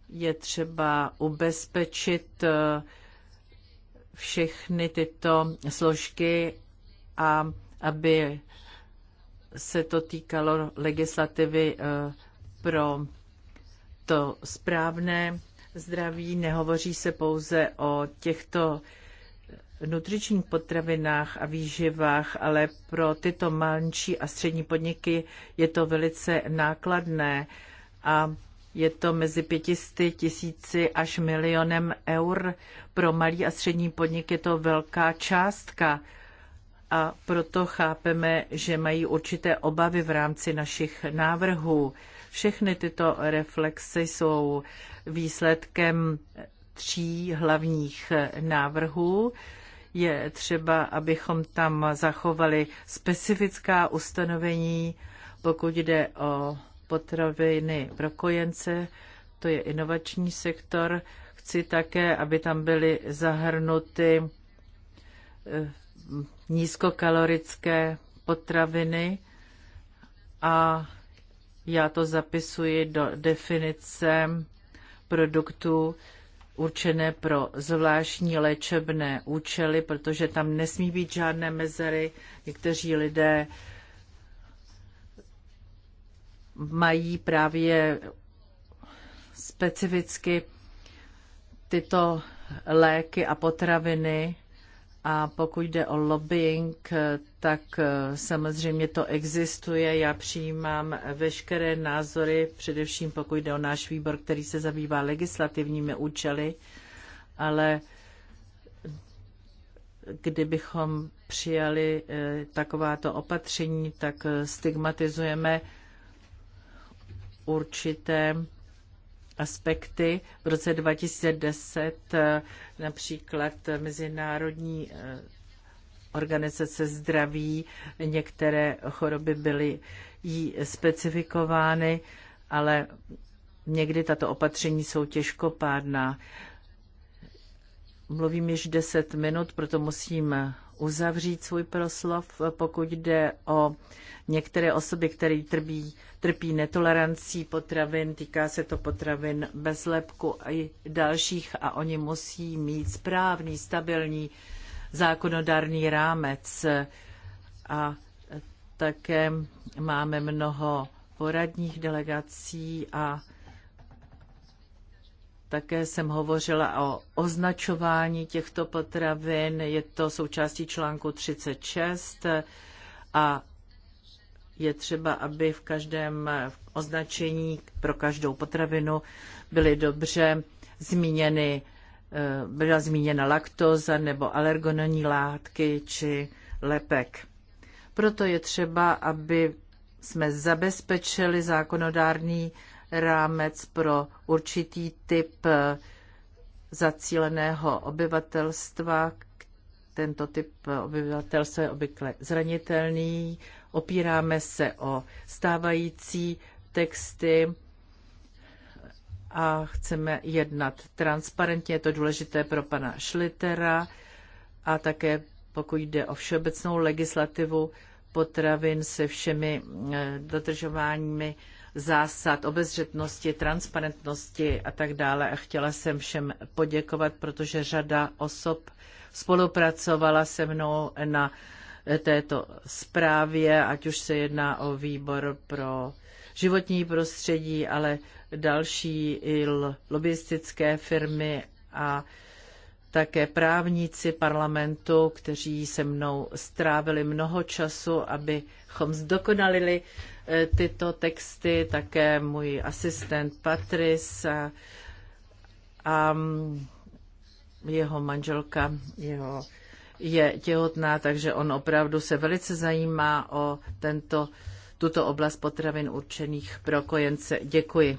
je třeba ubezpečit eh, všechny tyto složky a aby se to týkalo legislativy eh, pro to správné zdraví. Nehovoří se pouze o těchto nutričních potravinách a výživách, ale pro tyto menší a střední podniky je to velice nákladné a je to mezi 500 tisíci až milionem eur. Pro malý a střední podnik je to velká částka a proto chápeme, že mají určité obavy v rámci našich návrhů. Všechny tyto reflexy jsou výsledkem tří hlavních návrhů je třeba, abychom tam zachovali specifická ustanovení, pokud jde o potraviny pro kojence, to je inovační sektor. Chci také, aby tam byly zahrnuty eh, nízkokalorické potraviny a já to zapisuji do definice produktů, určené pro zvláštní léčebné účely, protože tam nesmí být žádné mezery. Někteří lidé mají právě specificky tyto léky a potraviny a pokud jde o lobbying, tak eh, samozřejmě to existuje. Já přijímám veškeré názory, především pokud jde o náš výbor, který se zabývá legislativními účely, ale kdybychom přijali eh, takováto opatření, tak eh, stigmatizujeme určité aspekty. V roce 2010 eh, například Mezinárodní eh, organizace zdraví, některé choroby byly jí specifikovány, ale někdy tato opatření jsou těžkopádná. Mluvím již 10 minut, proto musím uzavřít svůj proslov, pokud jde o některé osoby, které trpí, trpí netolerancí potravin, týká se to potravin bez lepku i dalších a oni musí mít správný, stabilní zákonodárný rámec a také máme mnoho poradních delegací a také jsem hovořila o označování těchto potravin, je to součástí článku 36 a je třeba, aby v každém označení pro každou potravinu byly dobře zmíněny, eh, byla zmíněna laktoza nebo alergononní látky či lepek. Proto je třeba, aby jsme zabezpečili zákonodárný rámec pro určitý typ eh, zacíleného obyvatelstva. Tento typ eh, obyvatelstva je obvykle zranitelný. Opíráme se o stávající texty a chceme jednat transparentně. Je to důležité pro pana Šlitera a také pokud jde o všeobecnou legislativu potravin se všemi eh, dodržováními zásad obezřetnosti, transparentnosti a tak dále. A chtěla jsem všem poděkovat, protože řada osob spolupracovala se mnou na této zprávě, ať už se jedná o výbor pro životní prostředí, ale další i lobbyistické firmy a také právníci parlamentu, kteří se mnou strávili mnoho času, abychom zdokonalili tyto texty, také můj asistent Patris a, a mm, jeho manželka jeho, je těhotná, takže on opravdu se velice zajímá o tento, tuto oblast potravin určených pro kojence. Děkuji.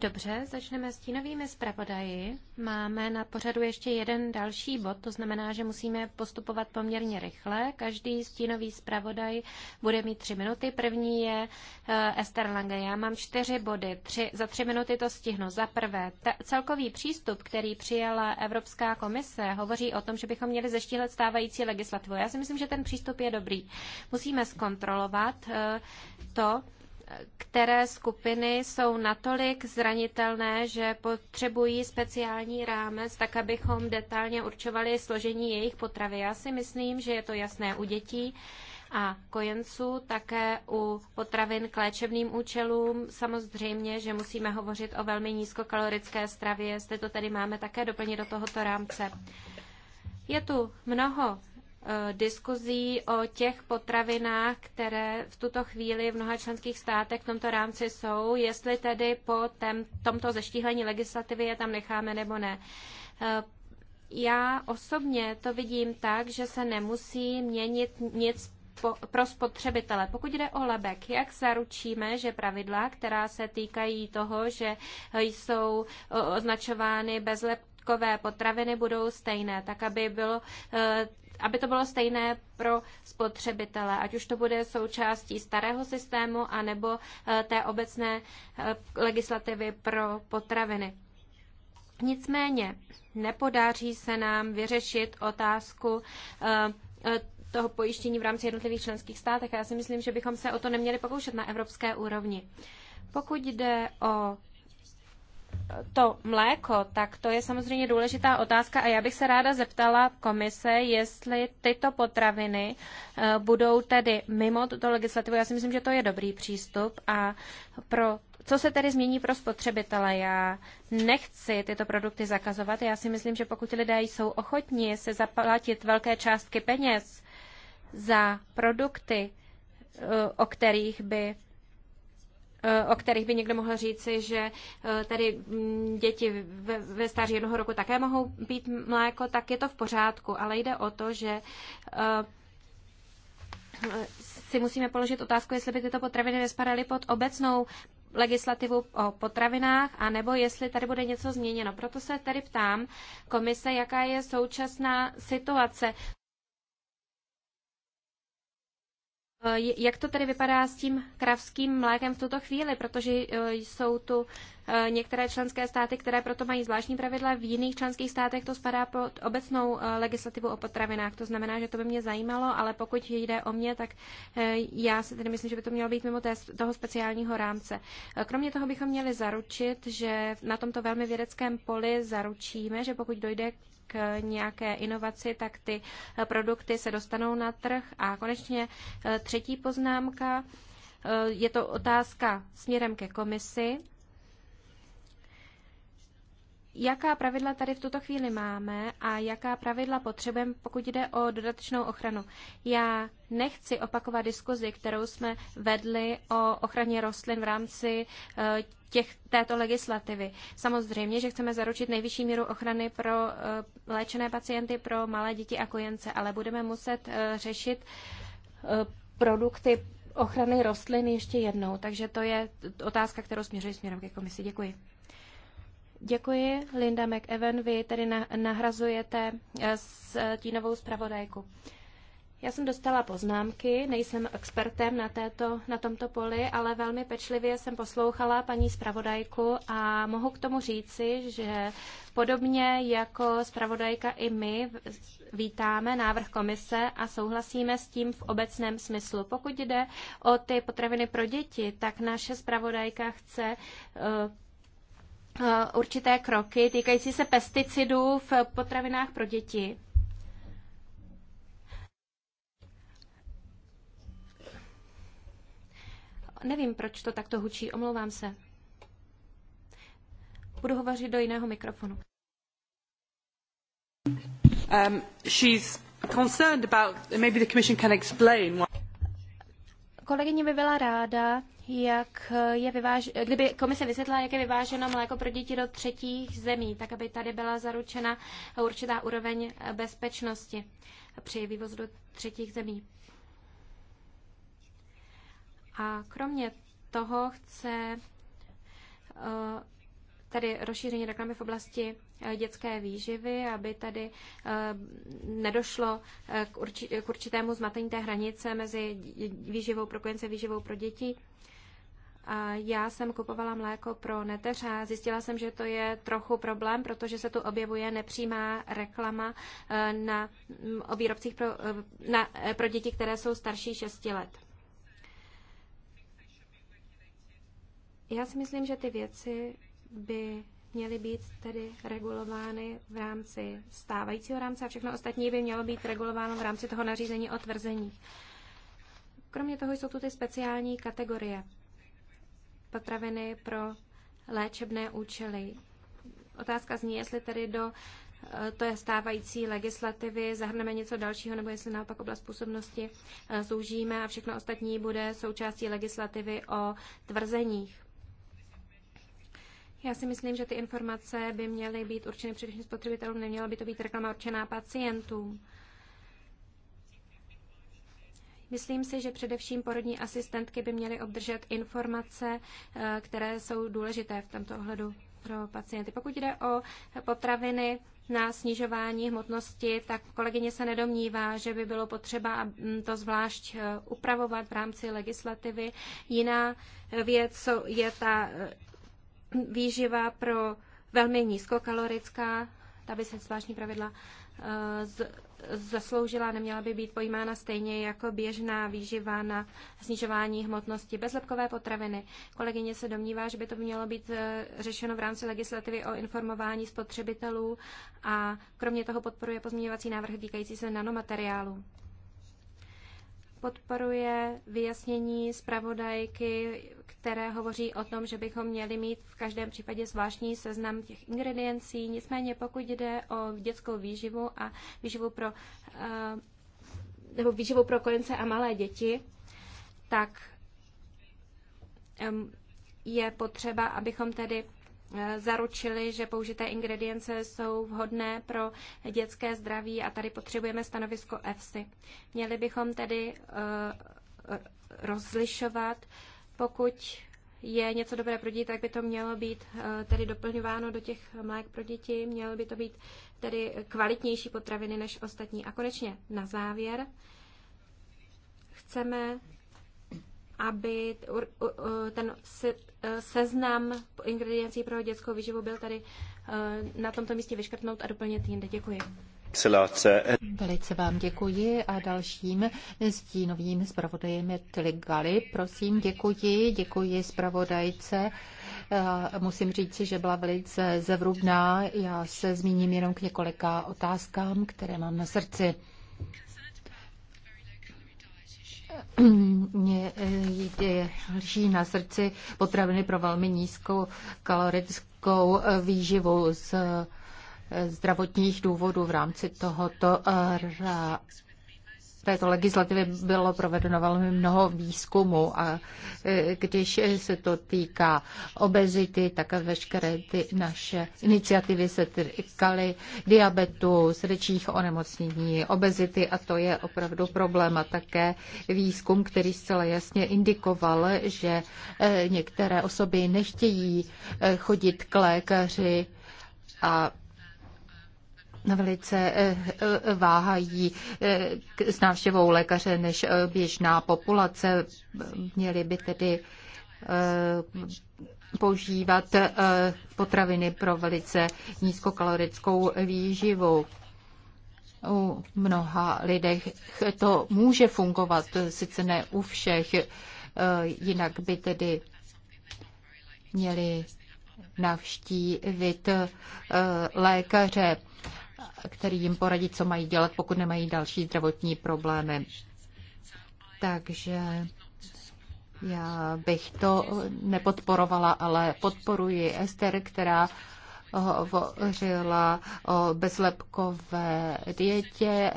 Dobře, začneme s tínovými zpravodaji. Máme na pořadu ještě jeden další bod, to znamená, že musíme postupovat poměrně rychle. Každý stínový zpravodaj bude mít tři minuty. První je uh, eh, Esther Lange. Já mám čtyři body. Tři, za tři minuty to stihnu. Za prvé, ta, celkový přístup, který přijala Evropská komise, hovoří o tom, že bychom měli zeštíhlet stávající legislativu. Já si myslím, že ten přístup je dobrý. Musíme zkontrolovat uh, to, které skupiny jsou natolik zranitelné, že potřebují speciální rámec, tak abychom detailně určovali složení jejich potravy. Já si myslím, že je to jasné u dětí a kojenců, také u potravin k léčebným účelům. Samozřejmě, že musíme hovořit o velmi nízkokalorické stravě, zde to tedy máme také doplnit do tohoto rámce. Je tu mnoho Eh, diskuzí o těch potravinách, které v tuto chvíli v mnoha členských státech v tomto rámci jsou, jestli tedy po tém, tomto zeštíhlení legislativy je tam necháme nebo ne. Eh, já osobně to vidím tak, že se nemusí měnit nic po, pro spotřebitele. Pokud jde o lebek, jak zaručíme, že pravidla, která se týkají toho, že jsou eh, označovány bezlepkové potraviny, budou stejné, tak aby bylo aby to bylo stejné pro spotřebitele, ať už to bude součástí starého systému anebo eh, té obecné eh, legislativy pro potraviny. Nicméně nepodaří se nám vyřešit otázku eh, toho pojištění v rámci jednotlivých členských státech a já si myslím, že bychom se o to neměli pokoušet na evropské úrovni. Pokud jde o to mléko, tak to je samozřejmě důležitá otázka a já bych se ráda zeptala komise, jestli tyto potraviny eh, budou tedy mimo tuto legislativu. Já si myslím, že to je dobrý přístup a pro co se tedy změní pro spotřebitele? Já nechci tyto produkty zakazovat. Já si myslím, že pokud lidé jsou ochotní se zaplatit velké částky peněz za produkty, eh, o kterých by o kterých by někdo mohl říci, že e, tady mm, děti ve, ve stáří jednoho roku také mohou pít mléko, tak je to v pořádku, ale jde o to, že e, si musíme položit otázku, jestli by tyto potraviny nespadaly pod obecnou legislativu o potravinách, anebo jestli tady bude něco změněno. Proto se tady ptám komise, jaká je současná situace. Eh, jak to tedy vypadá s tím kravským mlékem v tuto chvíli, protože eh, jsou tu eh, některé členské státy, které proto mají zvláštní pravidla, v jiných členských státech to spadá pod obecnou legislativu o potravinách. To znamená, že to by mě zajímalo, ale pokud jde o mě, tak já si tedy myslím, že by to mělo být mimo toho speciálního rámce. Kromě toho bychom měli zaručit, že na tomto velmi vědeckém poli zaručíme, že pokud dojde k nějaké inovaci, tak ty produkty se dostanou na trh. A konečně eh, třetí poznámka, eh, je to otázka směrem ke komisi. Jaká pravidla tady v tuto chvíli máme a jaká pravidla potřebujeme, pokud jde o dodatečnou ochranu? Já nechci opakovat diskuzi, kterou jsme vedli o ochraně rostlin v rámci eh, těch, této legislativy. Samozřejmě, že chceme zaručit nejvyšší míru ochrany pro eh, léčené pacienty, pro malé děti a kojence, ale budeme muset eh, řešit eh, produkty ochrany rostlin ještě jednou. Takže to je otázka, kterou směřuji směrem ke komisi. Děkuji. Děkuji. Linda McEwen, vy tedy nahrazujete s tínovou zpravodajku. Já jsem dostala poznámky, nejsem expertem na, této, na tomto poli, ale velmi pečlivě jsem poslouchala paní zpravodajku a mohu k tomu říci, že podobně jako zpravodajka i my vítáme návrh komise a souhlasíme s tím v obecném smyslu. Pokud jde o ty potraviny pro děti, tak naše zpravodajka chce eh, eh, určité kroky týkající se pesticidů v potravinách pro děti. nevím, proč to takto hučí, omlouvám se. Budu hovořit do jiného mikrofonu. Um, she's concerned about, maybe the commission can explain why... Kolegyně by byla ráda, jak je vyváž... kdyby komise vysvětlila, jak je vyváženo mléko pro děti do třetích zemí, tak aby tady byla zaručena určitá úroveň bezpečnosti při vývozu do třetích zemí. A kromě toho chce eh, tady rozšíření reklamy v oblasti eh, dětské výživy, aby tady eh, nedošlo k určitému zmatení té hranice mezi výživou pro kojence, výživou pro děti. A já jsem kupovala mléko pro neteře a zjistila jsem, že to je trochu problém, protože se tu objevuje nepřímá reklama na, mm, o výrobcích pro, na, pro děti, které jsou starší 6 let. Já si myslím, že ty věci by měly být tedy regulovány v rámci stávajícího rámce a všechno ostatní by mělo být regulováno v rámci toho nařízení o tvrzení. Kromě toho jsou tu ty speciální kategorie potraviny pro léčebné účely. Otázka zní, jestli tedy do eh, to je stávající legislativy, zahrneme něco dalšího, nebo jestli naopak oblast působnosti eh, zúžíme a všechno ostatní bude součástí legislativy o tvrzeních. Já si myslím, že ty informace by měly být určeny především spotřebitelům, neměla by to být reklama určená pacientům. Myslím si, že především porodní asistentky by měly obdržet informace, eh, které jsou důležité v tomto ohledu pro pacienty. Pokud jde o potraviny na snižování hmotnosti, tak kolegyně se nedomnívá, že by bylo potřeba to zvlášť eh, upravovat v rámci legislativy. Jiná eh, věc je ta výživa pro velmi nízkokalorická, ta by se zvláštní pravidla eh, z, zasloužila, neměla by být pojímána stejně jako běžná výživa na snižování hmotnosti bezlepkové potraviny. Kolegyně se domnívá, že by to mělo být eh, řešeno v rámci legislativy o informování spotřebitelů a kromě toho podporuje pozměňovací návrh týkající se nanomateriálu podporuje vyjasnění zpravodajky, které hovoří o tom, že bychom měli mít v každém případě zvláštní seznam těch ingrediencí. Nicméně pokud jde o dětskou výživu a výživu pro, eh, nebo výživu pro kojence a malé děti, tak je potřeba, abychom tedy Eh, zaručili, že použité ingredience jsou vhodné pro dětské zdraví a tady potřebujeme stanovisko EFSI. Měli bychom tedy eh, rozlišovat, pokud je něco dobré pro děti, tak by to mělo být eh, tedy doplňováno do těch mlék pro děti, mělo by to být tedy kvalitnější potraviny než ostatní. A konečně na závěr chceme aby ten eh, seznam ingrediencí pro dětskou výživu byl tady eh, na tomto místě vyškrtnout a doplnit jinde. Děkuji. Velice vám děkuji a dalším stínovým zpravodajem je Tligali. Prosím, děkuji, děkuji zpravodajce. Eh, musím říct, že byla velice zevrubná. Já se zmíním jenom k několika otázkám, které mám na srdci. Mně eh, leží na srdci potraviny pro velmi nízkou kalorickou eh, výživu z eh, zdravotních důvodů v rámci tohoto této legislativy bylo provedeno velmi mnoho výzkumu a e, když se to týká obezity, tak veškeré ty naše iniciativy se týkaly diabetu, srdečních onemocnění, obezity a to je opravdu problém a také výzkum, který zcela jasně indikoval, že e, některé osoby nechtějí e, chodit k lékaři a velice eh, eh, váhají eh, s návštěvou lékaře než běžná populace. Měli by tedy používat potraviny pro velice nízkokalorickou výživu. U mnoha lidech to může fungovat, sice ne u všech, jinak by tedy měli navštívit lékaře který jim poradí, co mají dělat, pokud nemají další zdravotní problémy. Takže já bych to nepodporovala, ale podporuji Ester, která hovořila o bezlepkové dietě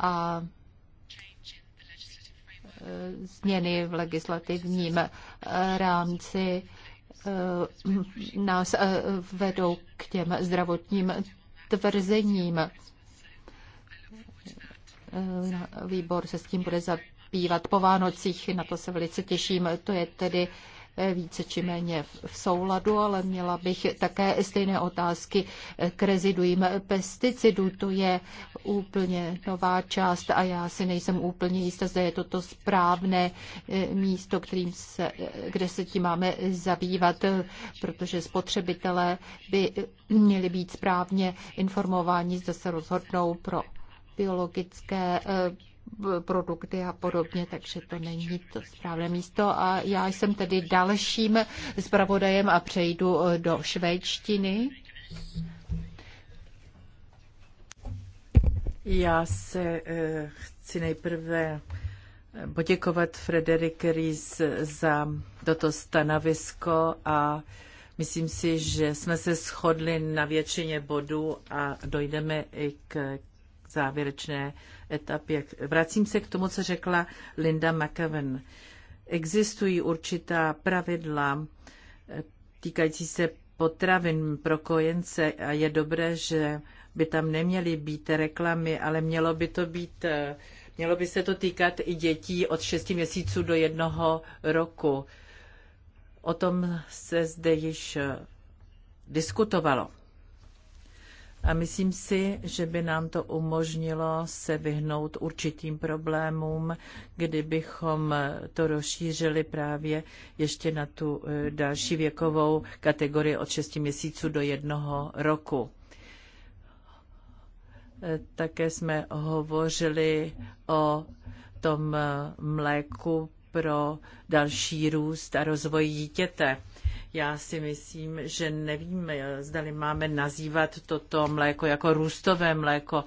a změny v legislativním rámci eh, nás eh, vedou k těm zdravotním tvrzením. Výbor se s tím bude zabývat po Vánocích, na to se velice těším. To je tedy více či méně v souladu, ale měla bych také stejné otázky k reziduím pesticidů. To je úplně nová část a já si nejsem úplně jistá, zda je toto správné eh, místo, kterým se, kde se tím máme zabývat, protože spotřebitelé by měli být správně informováni, zda se rozhodnou pro biologické eh, produkty a podobně, takže to není to správné místo. A já jsem tedy dalším zpravodajem a přejdu eh, do švédštiny. Já se uh, chci nejprve eh, poděkovat Frederik Ries za toto stanovisko a myslím si, že jsme se shodli na většině bodů a dojdeme i k závěrečné etapě. Vracím se k tomu, co řekla Linda McEwen. Existují určitá pravidla eh, týkající se potravin pro kojence a je dobré, že by tam neměly být reklamy, ale mělo by to být eh, Mělo by se to týkat i dětí od 6 měsíců do jednoho roku. O tom se zde již eh, diskutovalo. A myslím si, že by nám to umožnilo se vyhnout určitým problémům, kdybychom to rozšířili právě ještě na tu e, další věkovou kategorii od 6 měsíců do jednoho roku. E, také jsme hovořili o tom mléku pro další růst a rozvoj dítěte. Já si myslím, že nevím, zdali máme nazývat toto mléko jako růstové mléko.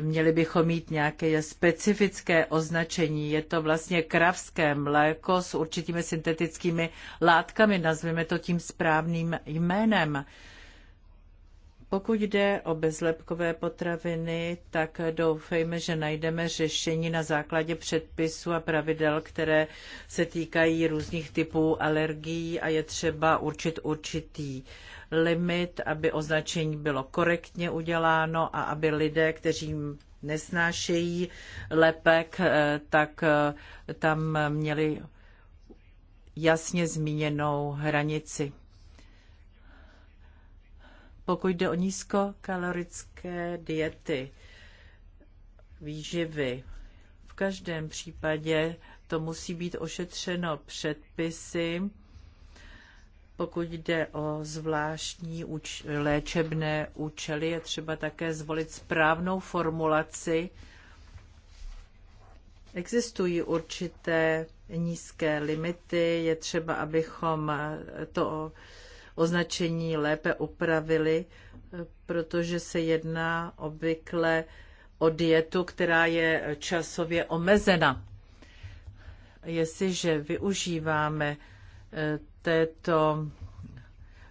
Měli bychom mít nějaké specifické označení. Je to vlastně kravské mléko s určitými syntetickými látkami. Nazveme to tím správným jménem. Pokud jde o bezlepkové potraviny, tak doufejme, že najdeme řešení na základě předpisů a pravidel, které se týkají různých typů alergií a je třeba určit určitý limit, aby označení bylo korektně uděláno a aby lidé, kteří nesnášejí lepek, eh, tak eh, tam měli jasně zmíněnou hranici pokud jde o nízkokalorické diety, výživy. V každém případě to musí být ošetřeno předpisy, pokud jde o zvláštní uč- léčebné účely, je třeba také zvolit správnou formulaci. Existují určité nízké limity, je třeba, abychom to označení lépe upravili, eh, protože se jedná obvykle o dietu, která je časově omezena. Jestliže využíváme eh, této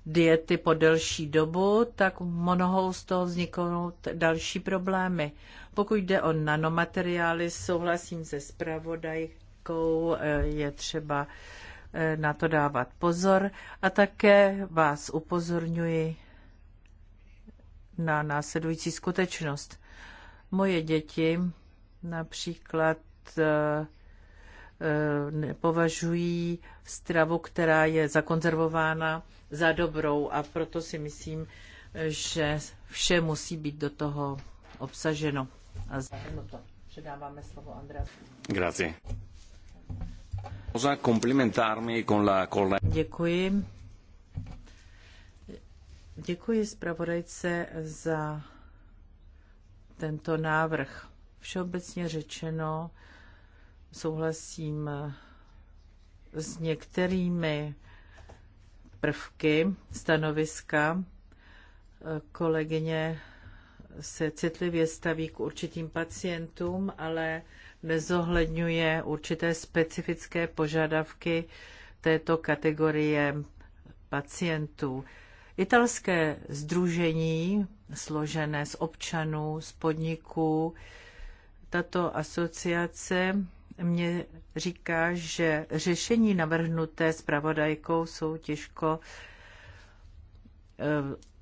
diety po delší dobu, tak mohou z toho vzniknout další problémy. Pokud jde o nanomateriály, souhlasím se zpravodajkou, eh, je třeba Eh, na to dávat pozor a také vás upozorňuji na následující skutečnost. Moje děti například nepovažují eh, eh, stravu, která je zakonzervována, za dobrou a proto si myslím, že vše musí být do toho obsaženo. A to. Předáváme slovo Andrea. Grazie. Děkuji. Děkuji zpravodajce za tento návrh. Všeobecně řečeno souhlasím s některými prvky stanoviska. Kolegyně se citlivě staví k určitým pacientům, ale nezohledňuje určité specifické požadavky této kategorie pacientů. Italské združení, složené z občanů, z podniků, tato asociace mě říká, že řešení navrhnuté zpravodajkou jsou těžko, eh,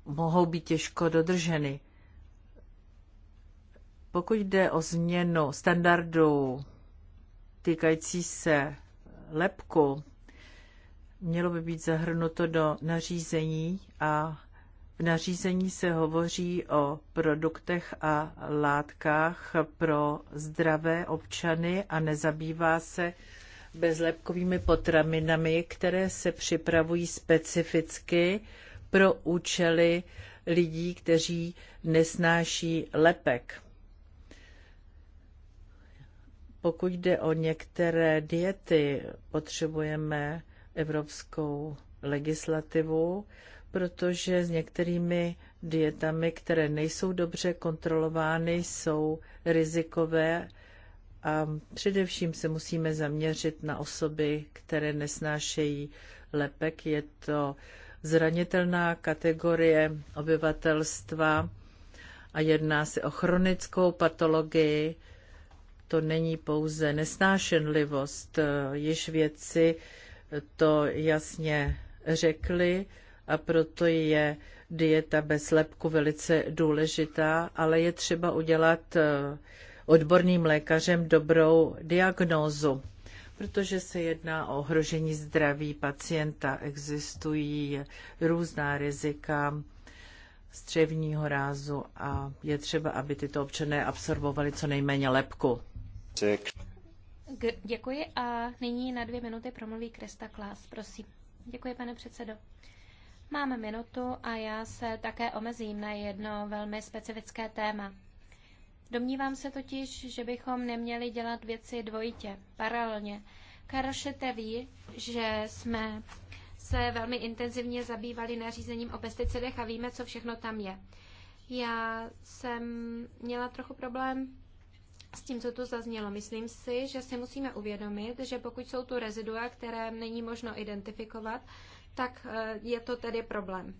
mohou být těžko dodrženy. Pokud jde o změnu standardů týkající se lepku, mělo by být zahrnuto do nařízení a v nařízení se hovoří o produktech a látkách pro zdravé občany a nezabývá se bezlepkovými potravinami, které se připravují specificky pro účely lidí, kteří nesnáší lepek. Pokud jde o některé diety, potřebujeme evropskou legislativu, protože s některými dietami, které nejsou dobře kontrolovány, jsou rizikové a především se musíme zaměřit na osoby, které nesnášejí lepek. Je to zranitelná kategorie obyvatelstva a jedná se o chronickou patologii, to není pouze nesnášenlivost, již věci to jasně řekli a proto je dieta bez lepku velice důležitá, ale je třeba udělat eh, odborným lékařem dobrou diagnózu, protože se jedná o ohrožení zdraví pacienta. Existují různá rizika střevního rázu a je třeba, aby tyto občané absorbovali co nejméně lepku. Děkuji a nyní na dvě minuty promluví Krista Klás. Prosím. Děkuji, pane předsedo. Máme minutu a já se také omezím na jedno velmi specifické téma. Domnívám se totiž, že bychom neměli dělat věci dvojitě, paralelně. Karošete ví, že jsme se velmi intenzivně zabývali nařízením o pesticidech a víme, co všechno tam je. Já jsem měla trochu problém s tím, co tu zaznělo. Myslím si, že si musíme uvědomit, že pokud jsou tu rezidua, které není možno identifikovat, tak eh, je to tedy problém.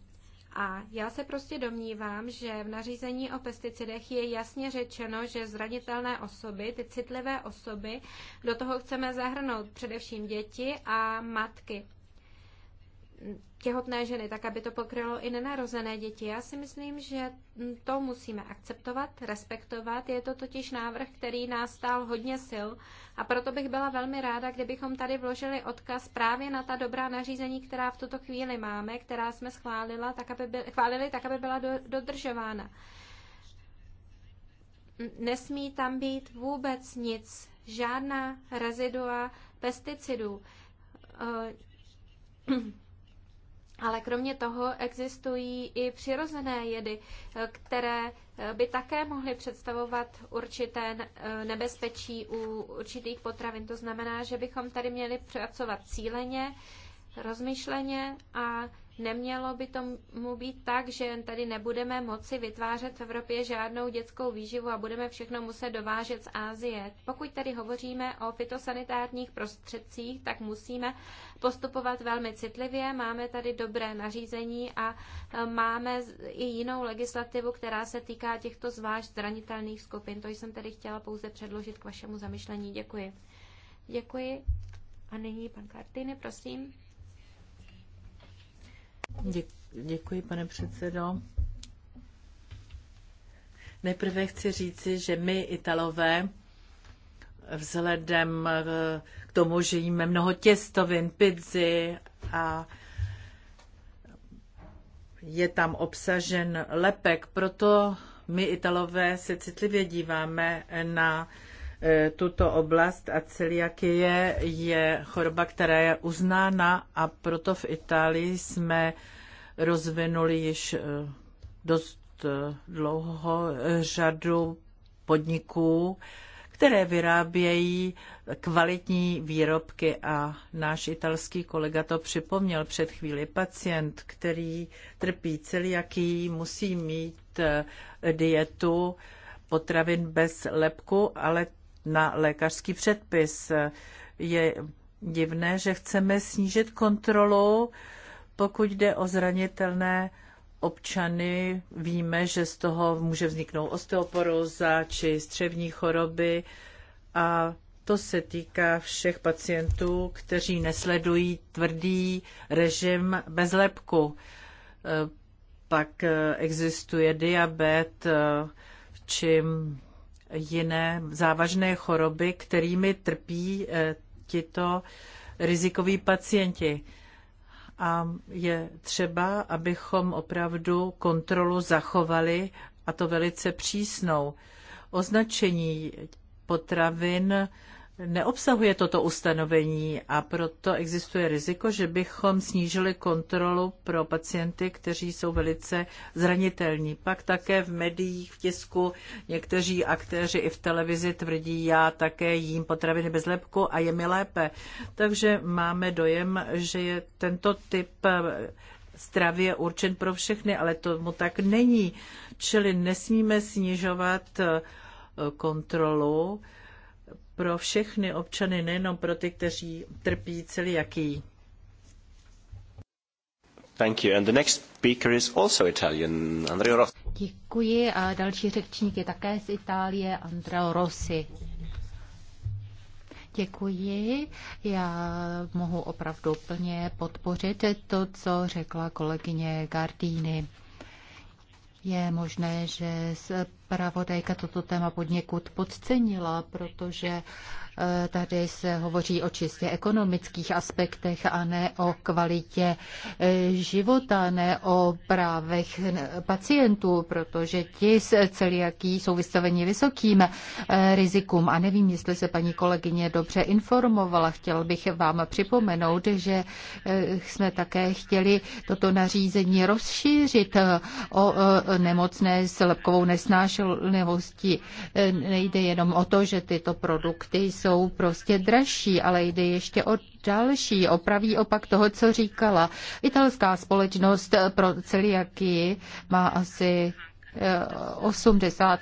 A já se prostě domnívám, že v nařízení o pesticidech je jasně řečeno, že zranitelné osoby, ty citlivé osoby, do toho chceme zahrnout především děti a matky těhotné ženy, tak aby to pokrylo i nenarozené děti. Já si myslím, že to musíme akceptovat, respektovat. Je to totiž návrh, který nás stál hodně sil a proto bych byla velmi ráda, kdybychom tady vložili odkaz právě na ta dobrá nařízení, která v tuto chvíli máme, která jsme schválila, tak aby byl, chválili, tak aby byla do, dodržována. Nesmí tam být vůbec nic, žádná rezidua pesticidů. Eh, Ale kromě toho existují i přirozené jedy, eh, které eh, by také mohly představovat určité eh, nebezpečí u určitých potravin. To znamená, že bychom tady měli pracovat cíleně, rozmyšleně a Nemělo by tomu být tak, že tady nebudeme moci vytvářet v Evropě žádnou dětskou výživu a budeme všechno muset dovážet z Ázie. Pokud tady hovoříme o fitosanitárních prostředcích, tak musíme postupovat velmi citlivě. Máme tady dobré nařízení a e, máme i jinou legislativu, která se týká těchto zvlášť zranitelných skupin. To jsem tedy chtěla pouze předložit k vašemu zamyšlení. Děkuji. Děkuji. A nyní pan Kartiny, prosím. Děkuji, pane předsedo. Nejprve chci říci, že my, Italové, vzhledem eh, k tomu, že jíme mnoho těstovin, pizzy a je tam obsažen lepek, proto my Italové se citlivě díváme na E, tuto oblast a celiakie je choroba, která je uznána a proto v Itálii jsme rozvinuli již e, dost e, dlouho řadu podniků, které vyrábějí kvalitní výrobky a náš italský kolega to připomněl před chvíli. Pacient, který trpí celiaký, musí mít dietu potravin bez lepku, ale na lékařský předpis. Je divné, že chceme snížit kontrolu, pokud jde o zranitelné občany. Víme, že z toho může vzniknout osteoporóza či střevní choroby a to se týká všech pacientů, kteří nesledují tvrdý režim bez lepku. Pak eh, existuje diabet eh, či jiné závažné choroby, kterými trpí eh, tito rizikoví pacienti. A je třeba, abychom opravdu kontrolu zachovali, a to velice přísnou. Označení potravin neobsahuje toto ustanovení a proto existuje riziko, že bychom snížili kontrolu pro pacienty, kteří jsou velice zranitelní. Pak také v médiích, v tisku někteří aktéři i v televizi tvrdí, já také jím potraviny bez lepku a je mi lépe. Takže máme dojem, že je tento typ stravy eh, je určen pro všechny, ale tomu tak není. Čili nesmíme snižovat eh, kontrolu pro všechny občany, nejenom pro ty, kteří trpí celiaký. Thank you. And the next speaker is also Italian, Andrea Rossi. Děkuji a další řečník je také z Itálie, Andrea Rossi. Děkuji. Já mohu opravdu plně podpořit to, co řekla kolegyně Gardini. Je možné, že zpravodajka toto téma podněkud podcenila, protože Eh, tady se hovoří o čistě ekonomických aspektech a ne o kvalitě eh, života, ne o právech pacientů, protože ti celiaký jsou vystaveni vysokým eh, rizikům. A nevím, jestli se paní kolegyně dobře informovala. Chtěl bych vám připomenout, že jsme také chtěli toto nařízení rozšířit o nemocné s lepkovou nesnášenlivostí. Nejde jenom o to, že tyto produkty jsou jsou prostě dražší, ale jde ještě o další opraví opak toho, co říkala. Italská společnost pro celiaky má asi 80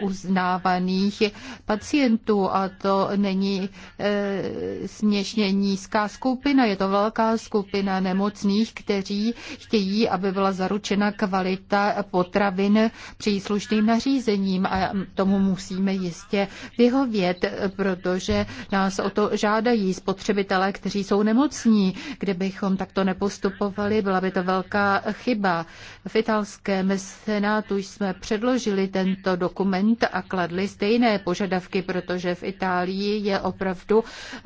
uznávaných pacientů a to není e, směšně nízká skupina, je to velká skupina nemocných, kteří chtějí, aby byla zaručena kvalita potravin příslušným nařízením a tomu musíme jistě vyhovět, protože nás o to žádají spotřebitelé, kteří jsou nemocní. Kdybychom takto nepostupovali, byla by to velká chyba. V italském senátu státu jsme předložili tento dokument a kladli stejné požadavky, protože v Itálii je opravdu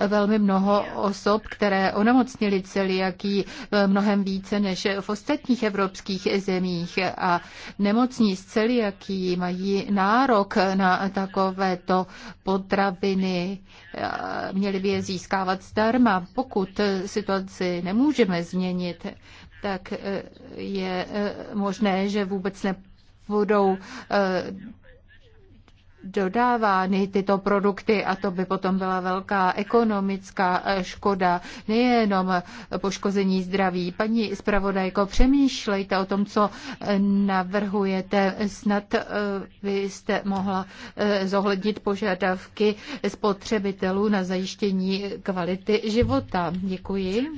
velmi mnoho osob, které onemocnili celiaký e, mnohem více než v ostatních evropských zemích a nemocní z celiaký mají nárok na takovéto potraviny, měli by je získávat zdarma. Pokud situaci nemůžeme změnit, tak e, je e, možné, že vůbec ne budou eh, dodávány tyto produkty a to by potom byla velká ekonomická eh, škoda, nejenom poškození zdraví. Paní zpravodajko, přemýšlejte o tom, co eh, navrhujete. Snad byste mohla zohlednit požadavky spotřebitelů na zajištění kvality života. Děkuji.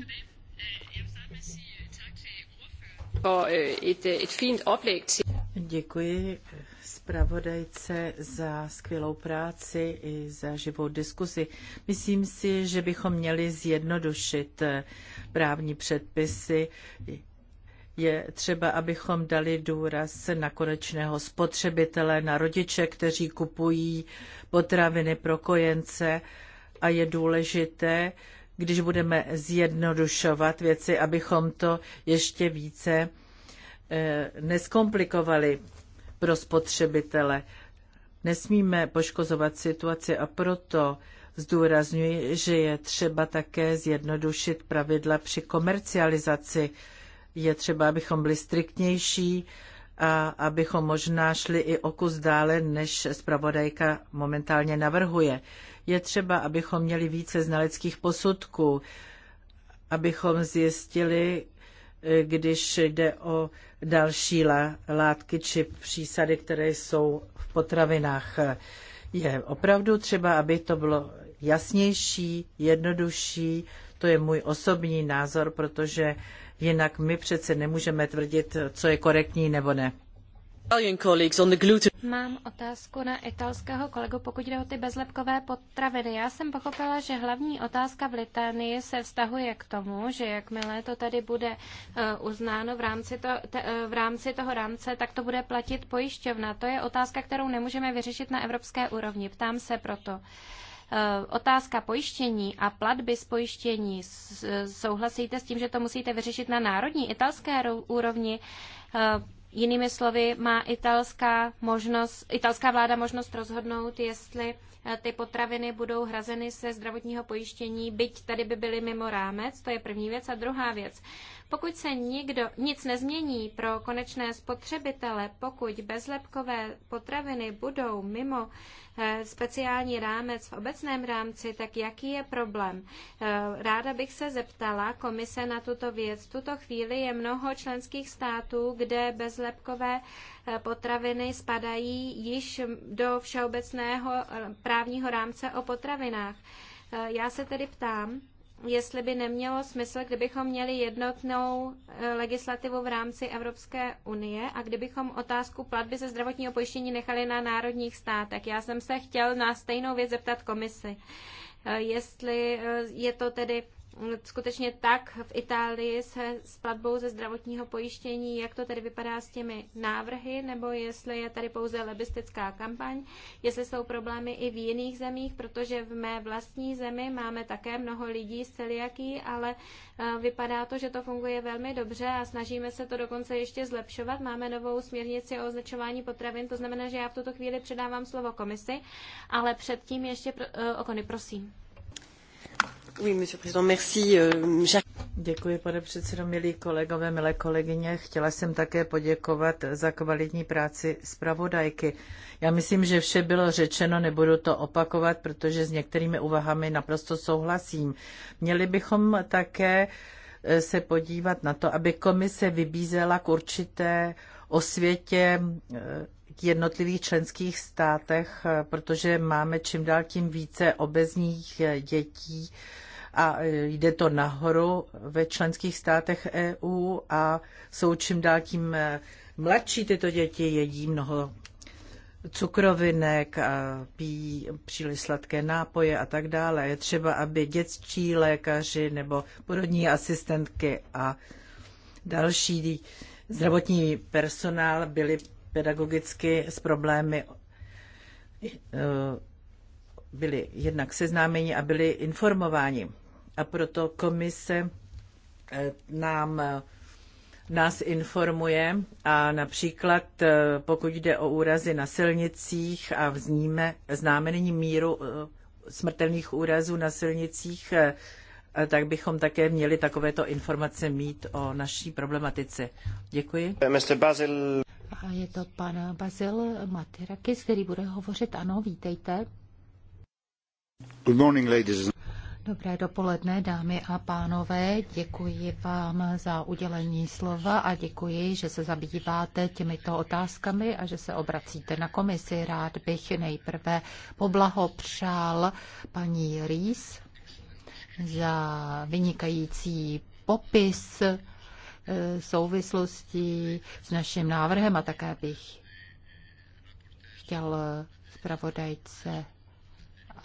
Øh, øh, Děkuji zpravodajce za skvělou práci i za živou diskusi. Myslím si, že bychom měli zjednodušit eh, právní předpisy. Je třeba, abychom dali důraz na konečného spotřebitele, na rodiče, kteří kupují potraviny pro kojence a je důležité, když budeme zjednodušovat věci, abychom to ještě více eh, neskomplikovali pro spotřebitele. Nesmíme poškozovat situaci a proto zdůrazňuji, že je třeba také zjednodušit pravidla při komercializaci. Je třeba, abychom byli striktnější a abychom možná šli i o kus dále, než zpravodajka momentálně navrhuje. Je třeba, abychom měli více znaleckých posudků, abychom zjistili, když jde o další látky či přísady, které jsou v potravinách. Je opravdu třeba, aby to bylo jasnější, jednodušší. To je můj osobní názor, protože jinak my přece nemůžeme tvrdit, co je korektní nebo ne. Mám otázku na italského kolegu, pokud jde o ty bezlepkové potraviny. Já jsem pochopila, že hlavní otázka v Litánii se vztahuje k tomu, že jakmile to tady bude eh, uznáno v rámci, to, te, eh, v rámci toho rámce, tak to bude platit pojišťovna. To je otázka, kterou nemůžeme vyřešit na evropské úrovni. Ptám se proto eh, otázka pojištění a platby z pojištění, souhlasíte s tím, že to musíte vyřešit na národní italské úrovni? Jinými slovy, má italská, možnost, italská vláda možnost rozhodnout, jestli ty potraviny budou hrazeny ze zdravotního pojištění, byť tady by byly mimo rámec, to je první věc. A druhá věc, pokud se nikdo, nic nezmění pro konečné spotřebitele, pokud bezlepkové potraviny budou mimo eh, speciální rámec v obecném rámci, tak jaký je problém? Eh, ráda bych se zeptala komise na tuto věc. V tuto chvíli je mnoho členských států, kde bezlepkové Eh, potraviny spadají již do všeobecného právního rámce o potravinách. Eh, já se tedy ptám, jestli by nemělo smysl, kdybychom měli jednotnou eh, legislativu v rámci Evropské unie a kdybychom otázku platby ze zdravotního pojištění nechali na národních státech. Já jsem se chtěl na stejnou věc zeptat komisi, jestli je to tedy skutečně tak v Itálii se s platbou ze zdravotního pojištění, jak to tedy vypadá s těmi návrhy, nebo jestli je tady pouze lebistická kampaň, jestli jsou problémy i v jiných zemích, protože v mé vlastní zemi máme také mnoho lidí s celiaký, ale eh, vypadá to, že to funguje velmi dobře a snažíme se to dokonce ještě zlepšovat. Máme novou směrnici o označování potravin, to znamená, že já v tuto chvíli předávám slovo komisi, ale předtím ještě pro, uh, eh, Okony, prosím. Euh, Děkuji, pane předsedo, milí kolegové, milé kolegyně. Chtěla jsem také poděkovat za kvalitní práci zpravodajky. Já myslím, že vše bylo řečeno, nebudu to opakovat, protože s některými úvahami naprosto souhlasím. Měli bychom také eh, se podívat na to, aby komise vybízela k určité osvětě k eh, jednotlivých členských státech, eh, protože máme čím dál tím více obezních dětí, a e, jde to nahoru ve členských státech EU a jsou čím dál tím e, mladší tyto děti, jedí mnoho cukrovinek, a pijí příliš sladké nápoje a tak dále. Je třeba, aby dětští lékaři nebo porodní asistentky a další zdravotní personál byli pedagogicky s problémy e, byli jednak seznámeni a byli informováni. A proto komise eh, nám eh, nás informuje a například eh, pokud jde o úrazy na silnicích a vzníme, známe nyní míru smrtelných úrazů na silnicích, tak bychom také měli takovéto informace mít o naší problematice. Děkuji. Mr. Basil. A je to pan Bazil Matyrakis, který bude hovořit. Ano, vítejte. Dobré dopoledne, dámy a pánové. Děkuji vám za udělení slova a děkuji, že se zabýváte těmito otázkami a že se obracíte na komisi. Rád bych nejprve poblahopřál paní Rýs za vynikající popis eh, souvislostí s naším návrhem a také bych chtěl zpravodajce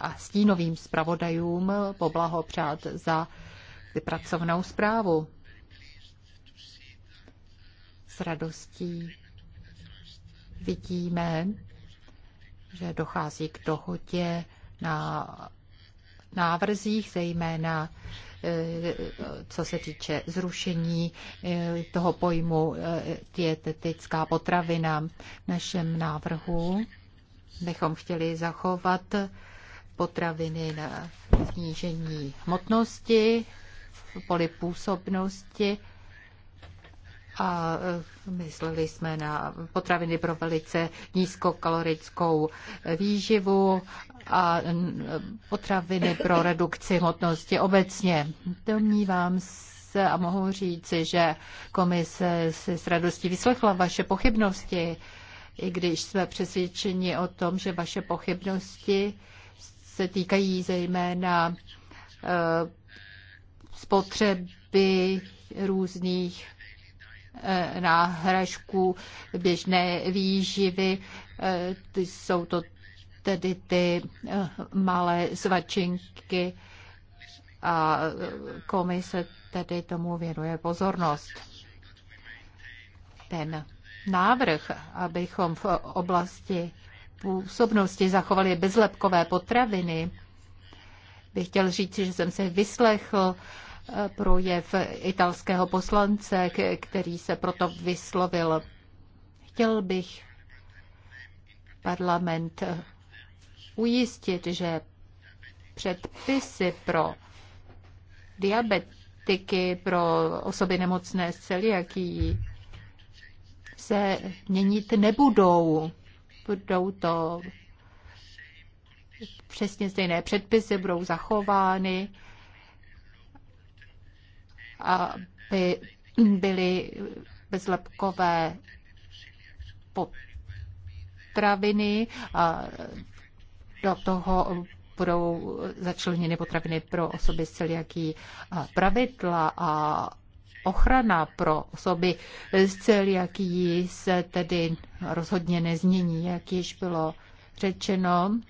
a stínovým zpravodajům poblahopřát za pracovnou zprávu. S radostí vidíme, že dochází k dohodě na návrzích, zejména e, co se týče zrušení e, toho pojmu e, dietetická potravina. V našem návrhu bychom chtěli zachovat potraviny na snížení hmotnosti, polipůsobnosti a e, mysleli jsme na potraviny pro velice nízkokalorickou e, výživu a potraviny pro redukci hmotnosti obecně. Domnívám se a mohu říci, že komise si s radostí vyslechla vaše pochybnosti, i když jsme přesvědčeni o tom, že vaše pochybnosti se týkají zejména eh, spotřeby různých eh, náhražků běžné výživy. Eh, ty Jsou to tedy ty malé svačinky a komise tedy tomu věnuje pozornost. Ten návrh, abychom v oblasti působnosti zachovali bezlepkové potraviny. Bych chtěl říct, že jsem se vyslechl eh, projev italského poslance, který se proto vyslovil. Chtěl bych parlament ujistit, že předpisy pro diabetiky, pro osoby nemocné s celiakí se měnit nebudou budou to přesně stejné předpisy, budou zachovány, aby byly bezlepkové potraviny a do toho budou začleněny potraviny pro osoby s celiaký pravidla a ochrana pro osoby s celiaký se tedy rozhodně nezmění, jak již bylo řečeno.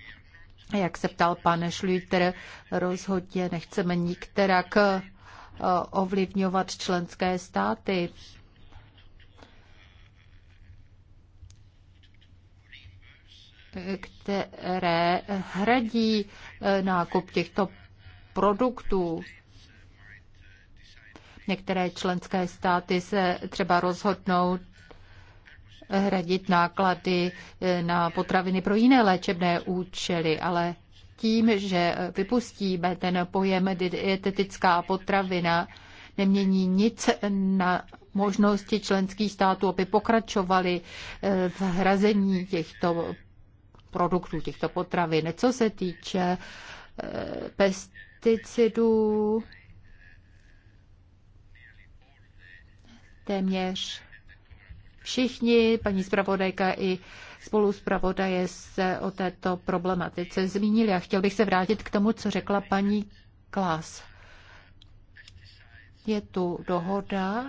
Jak se ptal pan Schlüter, rozhodně nechceme nikterak eh, ovlivňovat členské státy. které hradí eh, nákup těchto produktů. Některé členské státy se třeba rozhodnou hradit náklady eh, na potraviny pro jiné léčebné účely, ale tím, že vypustíme ten pojem dietetická potravina, nemění nic na možnosti členských států, aby pokračovali eh, v hrazení těchto produktů, těchto potravin. Co se týče eh, pesticidů, téměř všichni, paní zpravodajka i spolu zpravodaje se o této problematice zmínili. A chtěl bych se vrátit k tomu, co řekla paní Klas. Je tu dohoda,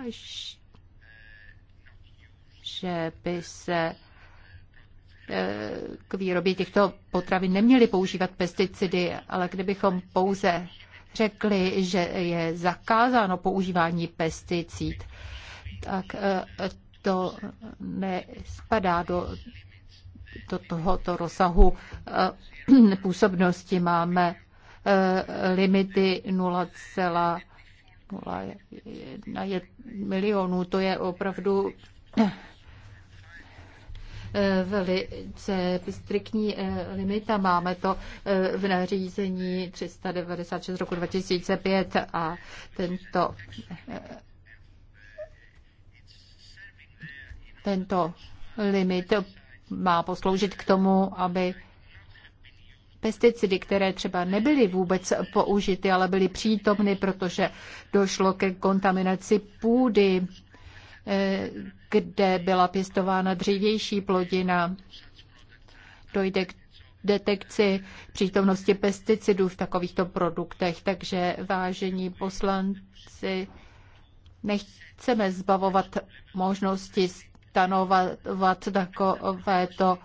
že by se e, k výrobě těchto potravin neměly používat pesticidy, ale kdybychom pouze řekli, že je zakázáno používání pesticid, tak eh, to nespadá do, do tohoto rozsahu eh, působnosti. Máme eh, limity 0,01 milionů. To je opravdu velice striktní limita. Máme to v nařízení 396 roku 2005 a tento Tento limit má posloužit k tomu, aby pesticidy, které třeba nebyly vůbec použity, ale byly přítomny, protože došlo ke kontaminaci půdy, eh, kde byla pěstována dřívější plodina. Dojde k detekci přítomnosti pesticidů v takovýchto produktech. Takže, vážení poslanci, nechceme zbavovat možnosti stanovat takovéto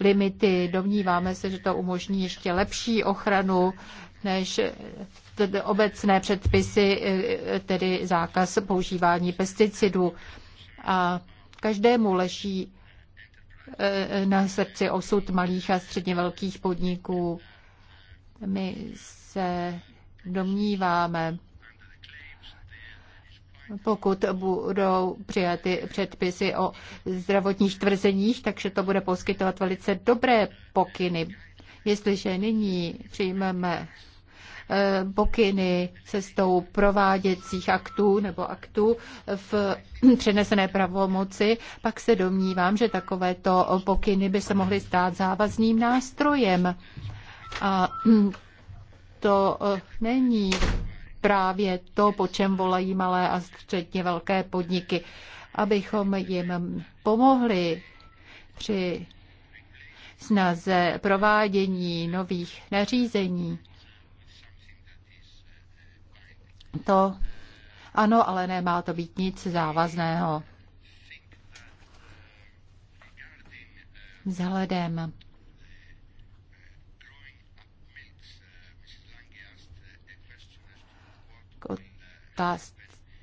limity. Domníváme se, že to umožní ještě lepší ochranu než obecné předpisy, tedy zákaz používání pesticidů. A každému leží eh, na srdci osud malých a středně velkých podniků. My se domníváme, pokud budou přijaty předpisy o zdravotních tvrzeních, takže to bude poskytovat velice dobré pokyny. Jestliže nyní přijmeme eh, pokyny cestou prováděcích aktů nebo aktů v přenesené pravomoci, pak se domnívám, že takovéto pokyny by se mohly stát závazným nástrojem. A mm, to eh, není právě to, po čem volají malé a středně velké podniky, abychom jim pomohli při snaze provádění nových nařízení. To ano, ale nemá to být nic závazného. Vzhledem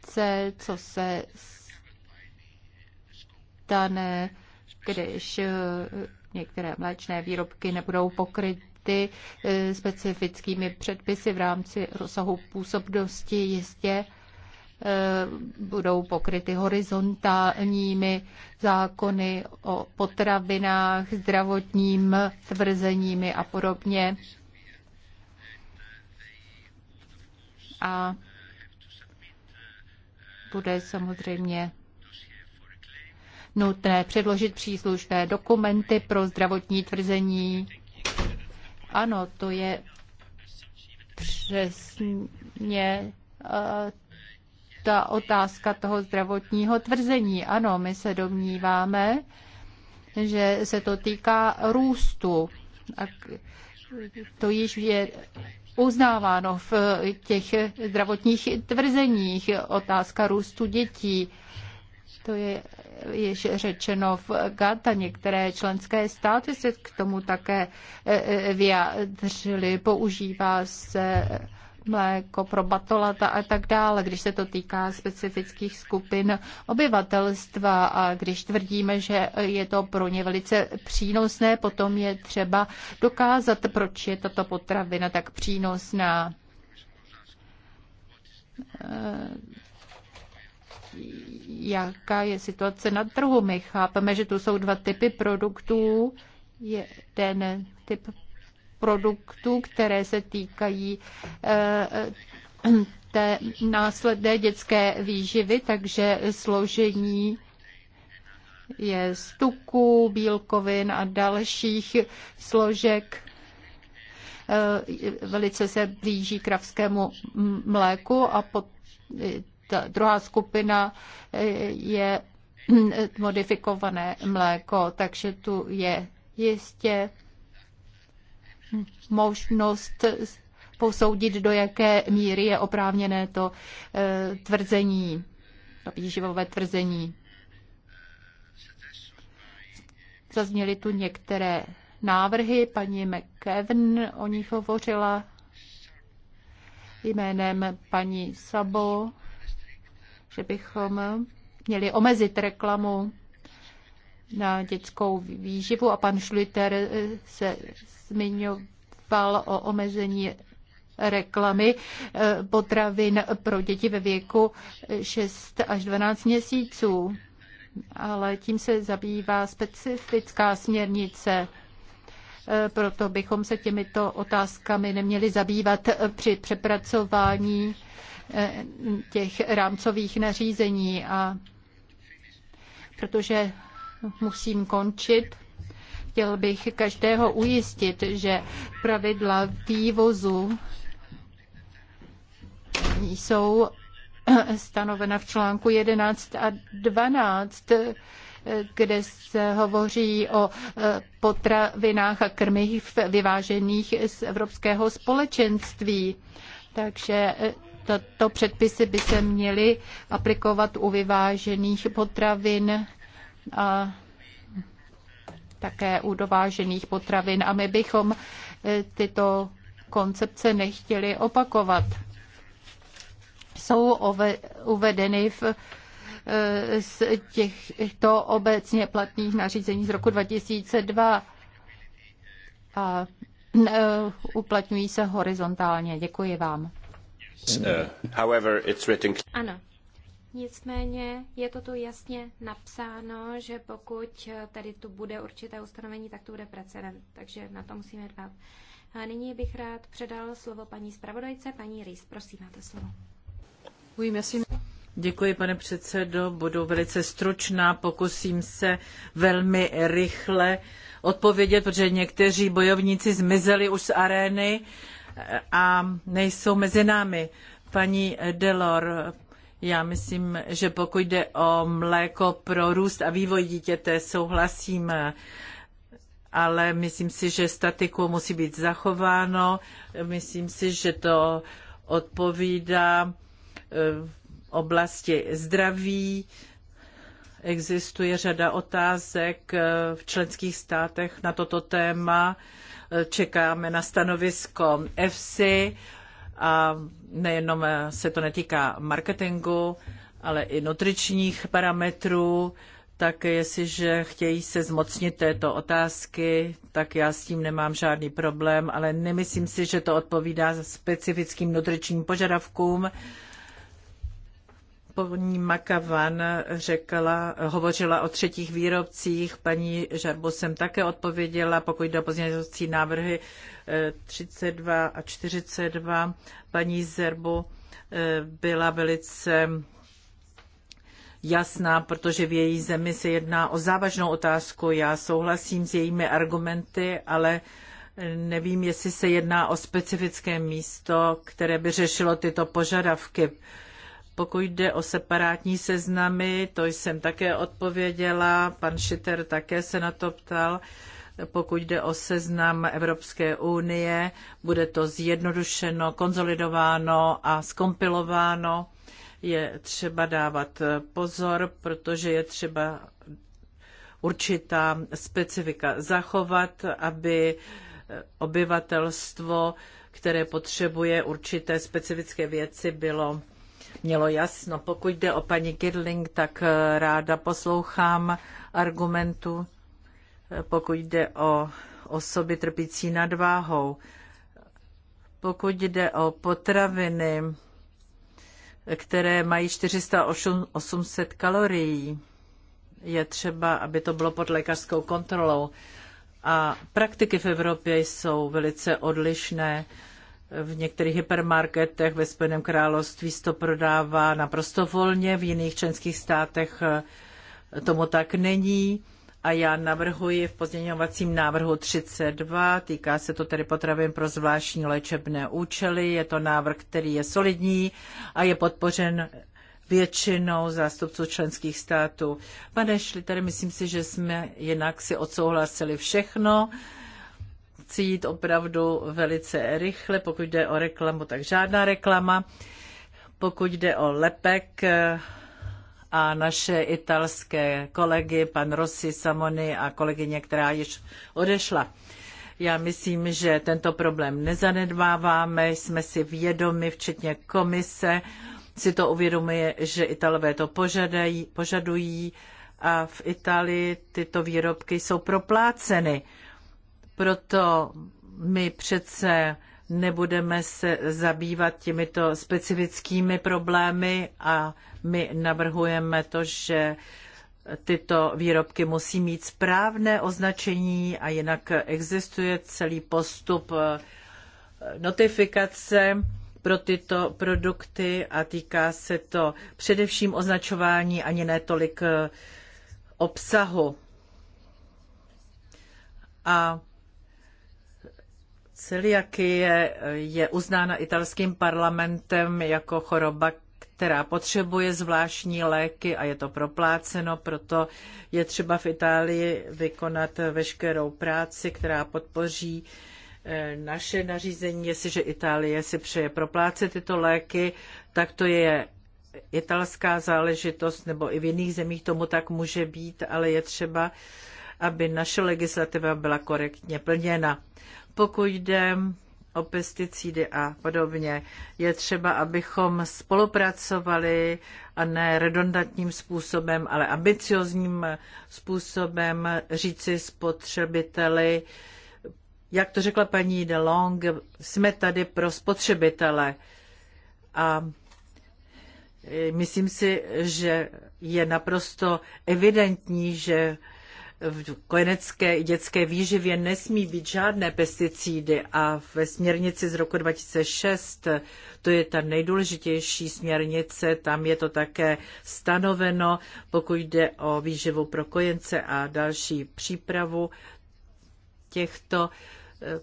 cel, co se stane, když eh, některé mléčné výrobky nebudou pokryty eh, specifickými předpisy v rámci rozsahu působnosti. Jistě eh, budou pokryty horizontálními zákony o potravinách, zdravotním tvrzeními a podobně. A bude samozřejmě nutné předložit příslušné dokumenty pro zdravotní tvrzení. Ano, to je přesně ta otázka toho zdravotního tvrzení. Ano, my se domníváme, že se to týká růstu. A to již je uznáváno v těch zdravotních tvrzeních. Otázka růstu dětí, to je již řečeno v GATA. Některé členské státy se k tomu také eh, eh, vyjádřily. Používá se mléko, pro batolata a tak dále, když se to týká specifických skupin obyvatelstva a když tvrdíme, že je to pro ně velice přínosné, potom je třeba dokázat, proč je tato potravina tak přínosná eh, jaká je situace na trhu. My chápeme, že tu jsou dva typy produktů. Jeden typ produktů, které se týkají eh, té následné dětské výživy, takže složení je z tuku, bílkovin a dalších složek. Eh, velice se blíží kravskému mléku a pot, eh, ta druhá skupina je modifikované mléko, takže tu je jistě možnost posoudit, do jaké míry je oprávněné to e, tvrzení, to výživové tvrzení. Zazněly tu některé návrhy, paní McKevin o nich hovořila jménem paní Sabo, že bychom měli omezit reklamu na dětskou výživu a pan Schlitter se zmiňoval o omezení reklamy eh, potravin pro děti ve věku 6 až 12 měsíců. Ale tím se zabývá specifická směrnice. Eh, proto bychom se těmito otázkami neměli zabývat eh, při přepracování těch rámcových nařízení. A protože musím končit, Chtěl bych každého ujistit, že pravidla vývozu jsou stanovena v článku 11 a 12, kde se hovoří o potravinách a krmích vyvážených z Evropského společenství. Takže tato předpisy by se měly aplikovat u vyvážených potravin a také u dovážených potravin a my bychom eh, tyto koncepce nechtěli opakovat. Jsou uvedeny v eh, z těchto obecně platných nařízení z roku 2002 a eh, uplatňují se horizontálně. Děkuji vám. Ano, Nicméně je to tu jasně napsáno, že pokud tady tu bude určité ustanovení, tak tu bude precedent, takže na to musíme dbát. A nyní bych rád předal slovo paní zpravodajce, paní Rýs. Prosím, máte slovo. Děkuji, pane předsedo. Budu velice stručná, pokusím se velmi rychle odpovědět, protože někteří bojovníci zmizeli už z arény a nejsou mezi námi. Paní Delor, já myslím, že pokud jde o mléko pro růst a vývoj dítěte, souhlasím, ale myslím si, že statiku musí být zachováno. Myslím si, že to odpovídá eh, oblasti zdraví. Existuje řada otázek eh, v členských státech na toto téma. Eh, čekáme na stanovisko EFSI a nejenom eh, se to netýká marketingu, ale i nutričních parametrů, tak jestliže chtějí se zmocnit této otázky, tak já s tím nemám žádný problém, ale nemyslím si, že to odpovídá specifickým nutričním požadavkům, paní Makavan řekla, hovořila o třetích výrobcích, paní Žarbo jsem také odpověděla, pokud jde o pozměňovací návrhy 32 eh, a 42, paní Zerbo eh, byla velice jasná, protože v její zemi se jedná o závažnou otázku. Já souhlasím s jejími argumenty, ale nevím, jestli se jedná o specifické místo, které by řešilo tyto požadavky. Pokud jde o separátní seznamy, to jsem také odpověděla, pan Šiter také se na to ptal. Pokud jde o seznam Evropské unie, bude to zjednodušeno, konzolidováno a skompilováno. Je třeba dávat pozor, protože je třeba určitá specifika zachovat, aby obyvatelstvo, které potřebuje určité specifické věci, bylo mělo jasno. Pokud jde o paní Girling, tak eh, ráda poslouchám argumentu, pokud jde o osoby trpící nadváhou. Pokud jde o potraviny, které mají 400-800 kalorií, je třeba, aby to bylo pod lékařskou kontrolou. A praktiky v Evropě jsou velice odlišné. V některých hypermarketech ve Spojeném království se to prodává naprosto volně, v jiných členských státech eh, tomu tak není. A já navrhuji v pozměňovacím návrhu 32, týká se to tedy potravin pro zvláštní léčebné účely, je to návrh, který je solidní a je podpořen většinou zástupců členských států. Pane Šli, tady myslím si, že jsme jinak si odsouhlasili všechno chci jít opravdu velice rychle, pokud jde o reklamu, tak žádná reklama. Pokud jde o lepek a naše italské kolegy, pan Rossi Samony a kolegyně, která již odešla. Já myslím, že tento problém nezanedbáváme, jsme si vědomi, včetně komise, si to uvědomuje, že Italové to požadají, požadují a v Itálii tyto výrobky jsou propláceny. Proto my přece nebudeme se zabývat těmito specifickými problémy a my navrhujeme to, že tyto výrobky musí mít správné označení a jinak existuje celý postup eh, notifikace pro tyto produkty a týká se to především označování ani ne tolik eh, obsahu. A Celiakie je uznána italským parlamentem jako choroba, která potřebuje zvláštní léky a je to propláceno, proto je třeba v Itálii vykonat veškerou práci, která podpoří eh, naše nařízení, jestliže Itálie si přeje proplácet tyto léky, tak to je italská záležitost, nebo i v jiných zemích tomu tak může být, ale je třeba, aby naše legislativa byla korektně plněna. Pokud jde o pesticidy a podobně. Je třeba, abychom spolupracovali a ne redundantním způsobem, ale ambiciozním způsobem říci spotřebiteli, jak to řekla paní De Long, jsme tady pro spotřebitele. A e, myslím si, že je naprosto evidentní, že v kojenecké i dětské výživě nesmí být žádné pesticidy a ve směrnici z roku 2006, to je ta nejdůležitější směrnice, tam je to také stanoveno, pokud jde o výživu pro kojence a další přípravu těchto eh,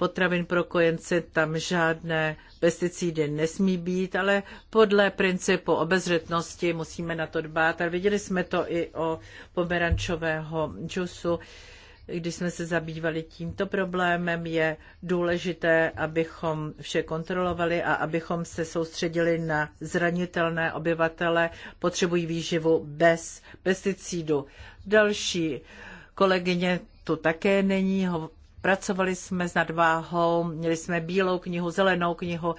potravin pro kojence tam žádné pesticidy nesmí být, ale podle principu obezřetnosti musíme na to dbát. A viděli jsme to i o pomerančového džusu, když jsme se zabývali tímto problémem, je důležité, abychom vše kontrolovali a abychom se soustředili na zranitelné obyvatele, potřebují výživu bez pesticidů. Další kolegyně tu také není, Pracovali jsme s nadváhou, měli jsme bílou knihu, zelenou knihu.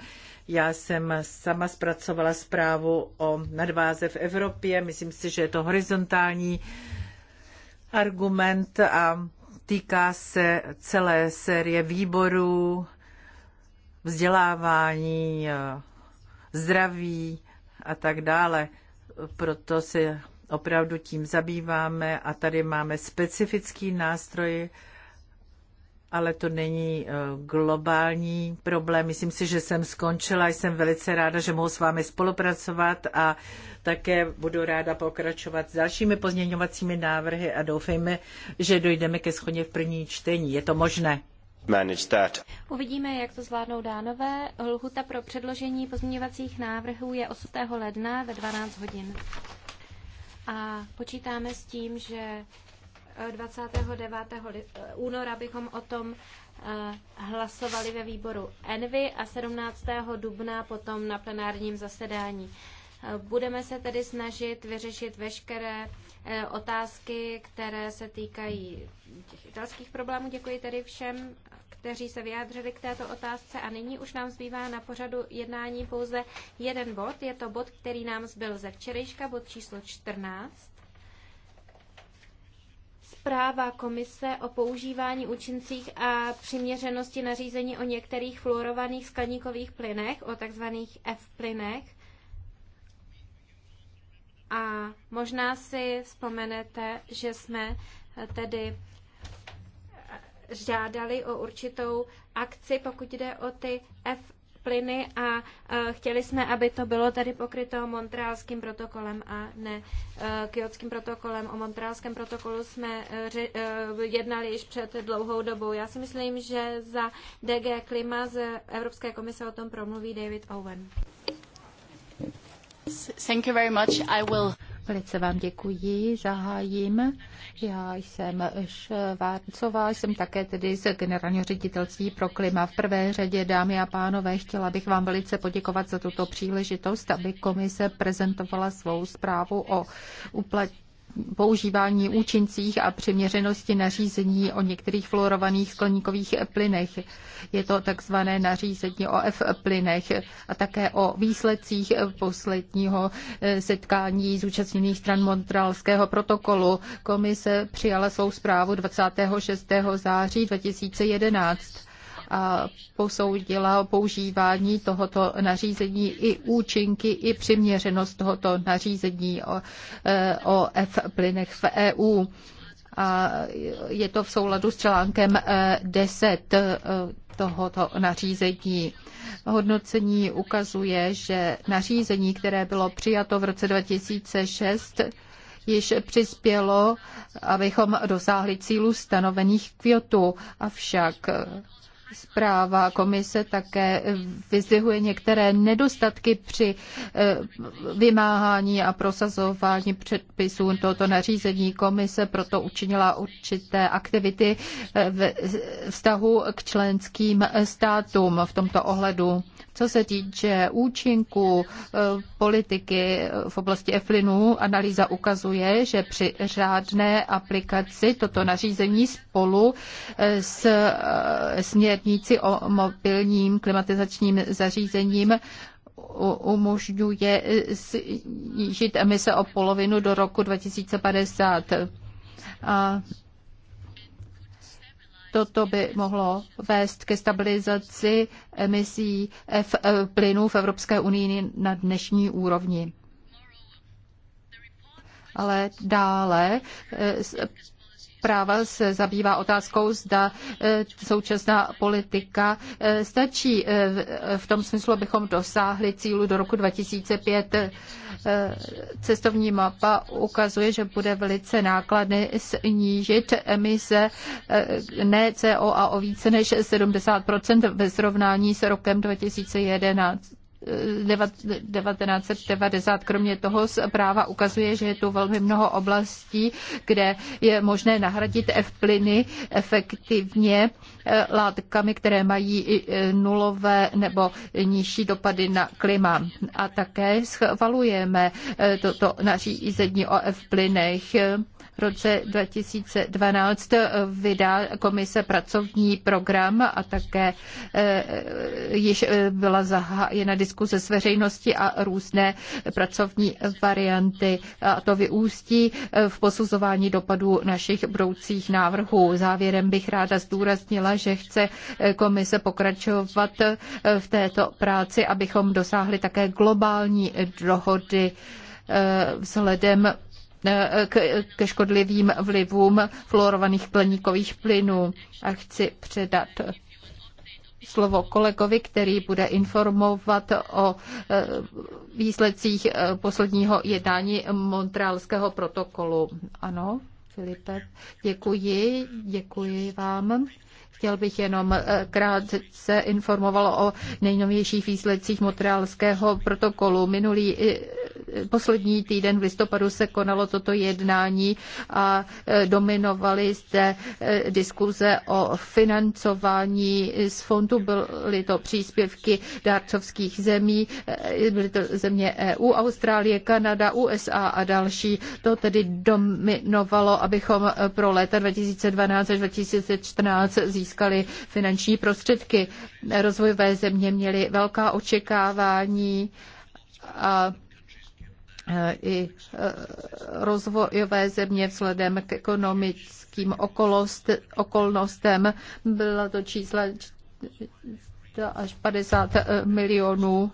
Já jsem sama zpracovala zprávu o nadváze v Evropě. Myslím si, že je to horizontální argument a týká se celé série výborů, vzdělávání, zdraví a tak dále. Proto se opravdu tím zabýváme a tady máme specifický nástroj, ale to není eh, globální problém. Myslím si, že jsem skončila, jsem velice ráda, že mohu s vámi spolupracovat a také budu ráda pokračovat s dalšími pozměňovacími návrhy a doufejme, že dojdeme ke schodě v první čtení. Je to možné? Uvidíme, jak to zvládnou dánové. Lhuta pro předložení pozměňovacích návrhů je 8. ledna ve 12 hodin. A počítáme s tím, že 29. února bychom o tom eh, hlasovali ve výboru Envy a 17. dubna potom na plenárním zasedání. Eh, budeme se tedy snažit vyřešit veškeré eh, otázky, které se týkají těch italských problémů. Děkuji tedy všem, kteří se vyjádřili k této otázce a nyní už nám zbývá na pořadu jednání pouze jeden bod. Je to bod, který nám zbyl ze včerejška, bod číslo 14. Zpráva komise o používání účincích a přiměřenosti nařízení o některých fluorovaných skleníkových plynech, o takzvaných F-plynech. A možná si vzpomenete, že jsme eh, tedy eh, žádali o určitou akci, pokud jde o ty F plyny a e, chtěli jsme, aby to bylo tady pokryto Montrealským protokolem a ne e, Kyotským protokolem. O Montrealském protokolu jsme e, jednali již před dlouhou dobou. Já si myslím, že za DG Klima z Evropské komise o tom promluví David Owen. Thank you very much. I will... Velice vám děkuji, zahájím. Já jsem Švárcová, jsem také tedy z generálního ředitelství pro klima. V prvé řadě, dámy a pánové, chtěla bych vám velice poděkovat za tuto příležitost, aby komise prezentovala svou zprávu o uplatnění používání účincích a přiměřenosti nařízení o některých fluorovaných skleníkových plynech. Je to takzvané nařízení o F-plynech a také o výsledcích posledního eh, setkání zúčastněných stran Montrealského protokolu. Komise přijala svou zprávu 26. září 2011 a posoudila používání tohoto nařízení i účinky, i přiměřenost tohoto nařízení o, e, o F plynech v EU. A je to v souladu s článkem 10 e, e, tohoto nařízení. Hodnocení ukazuje, že nařízení, které bylo přijato v roce 2006, již přispělo, abychom dosáhli cílů stanovených Kyoto. Avšak Zpráva komise také vyzdvihuje některé nedostatky při eh, vymáhání a prosazování předpisů tohoto nařízení. Komise proto učinila určité aktivity eh, ve vztahu k členským státům v tomto ohledu. Co se týče účinku eh, politiky eh, v oblasti EFLINu, analýza ukazuje, že při řádné aplikaci toto nařízení spolu eh, s směrnici o mobilním klimatizačním zařízením umožňuje snížit emise o polovinu do roku 2050. A Toto by mohlo vést ke stabilizaci emisí F eh, plynů v Evropské unii na dnešní úrovni. Ale dále eh, práva se zabývá otázkou, zda eh, současná politika stačí v tom smyslu, abychom dosáhli cílu do roku 2005 Eh, cestovní mapa ukazuje, že bude velice nákladné snížit emise eh, ne CO a o více než 70% ve srovnání s rokem 2011. 1990. Kromě toho zpráva ukazuje, že je tu velmi mnoho oblastí, kde je možné nahradit F-plyny efektivně eh, látkami, které mají eh, nulové nebo nižší dopady na klima. A také schvalujeme eh, toto nařízení o F-plynech roce 2012 vydá komise pracovní program a také eh, již eh, byla zahájena diskuse s veřejností a různé pracovní varianty. A to vyústí eh, v posuzování dopadů našich budoucích návrhů. Závěrem bych ráda zdůraznila, že chce komise pokračovat v této práci, abychom dosáhli také globální dohody vzhledem Eh, ke škodlivým vlivům fluorovaných plníkových plynů. A chci předat slovo kolegovi, který bude informovat o eh, výsledcích eh, posledního jednání Montrealského protokolu. Ano, Filipe, děkuji, děkuji vám. Chtěl bych jenom krátce informoval o nejnovějších výsledcích Montrealského protokolu. Minulý poslední týden v listopadu se konalo toto jednání a e, dominovaly zde e, diskuze o financování z fondu. Byly to příspěvky dárcovských zemí, e, byly to země EU, Austrálie, Kanada, USA a další. To tedy dominovalo, abychom pro léta 2012 až 2014 získali finanční prostředky. Rozvojové země měly velká očekávání a Eh, i eh, rozvojové země vzhledem k ekonomickým okolost, okolnostem. Byla to čísla až 50 eh, milionů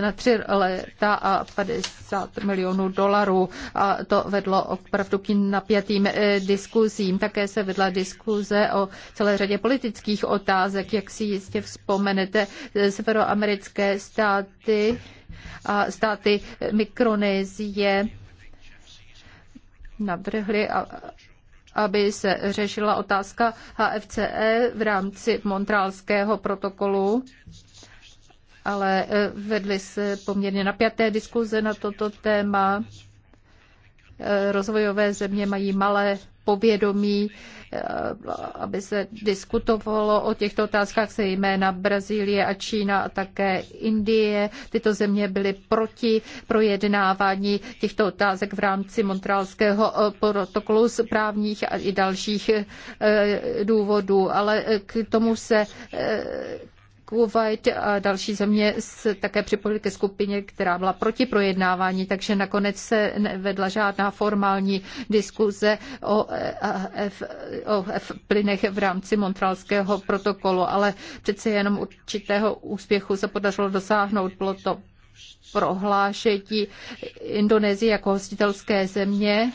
na tři leta a 50 milionů dolarů. A to vedlo opravdu k napjatým eh, diskuzím. Také se vedla diskuze o celé řadě politických otázek, jak si jistě vzpomenete, eh, severoamerické státy a státy Mikronézie navrhly, aby se řešila otázka HFCE v rámci Montrealského protokolu ale eh, vedly se poměrně napjaté diskuze na toto téma. Eh, rozvojové země mají malé povědomí, eh, aby se diskutovalo o těchto otázkách se jména Brazílie a Čína a také Indie. Tyto země byly proti projednávání těchto otázek v rámci Montrealského protokolu z právních a i dalších důvodů, ale k tomu se Kuwait a další země se také připojily ke skupině, která byla proti projednávání, takže nakonec se nevedla žádná formální diskuze o, eh, F, o F plynech v rámci Montrealského protokolu, ale přece jenom určitého úspěchu se podařilo dosáhnout. Bylo to prohlášení Indonésie jako hostitelské země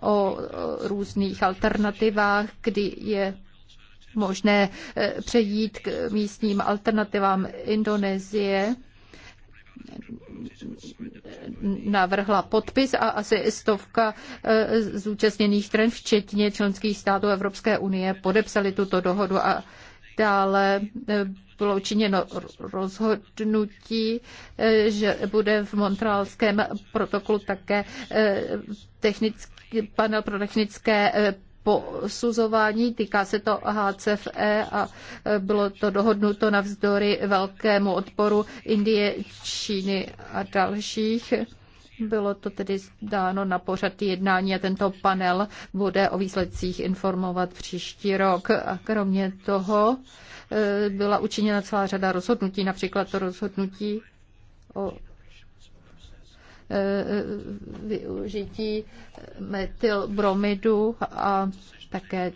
o různých alternativách, kdy je možné eh, přejít k místním alternativám Indonésie navrhla podpis a asi stovka eh, zúčastněných stran, včetně členských států Evropské unie, podepsali tuto dohodu a dále eh, bylo učiněno rozhodnutí, že bude v Montrealském protokolu také technický, panel pro technické posuzování. Týká se to HCFE a e, bylo to dohodnuto navzdory velkému odporu Indie, Číny a dalších. Bylo to tedy dáno na pořad jednání a tento panel bude o výsledcích informovat příští rok. A kromě toho e, byla učiněna celá řada rozhodnutí, například to rozhodnutí o Eh, využití metylbromidu a také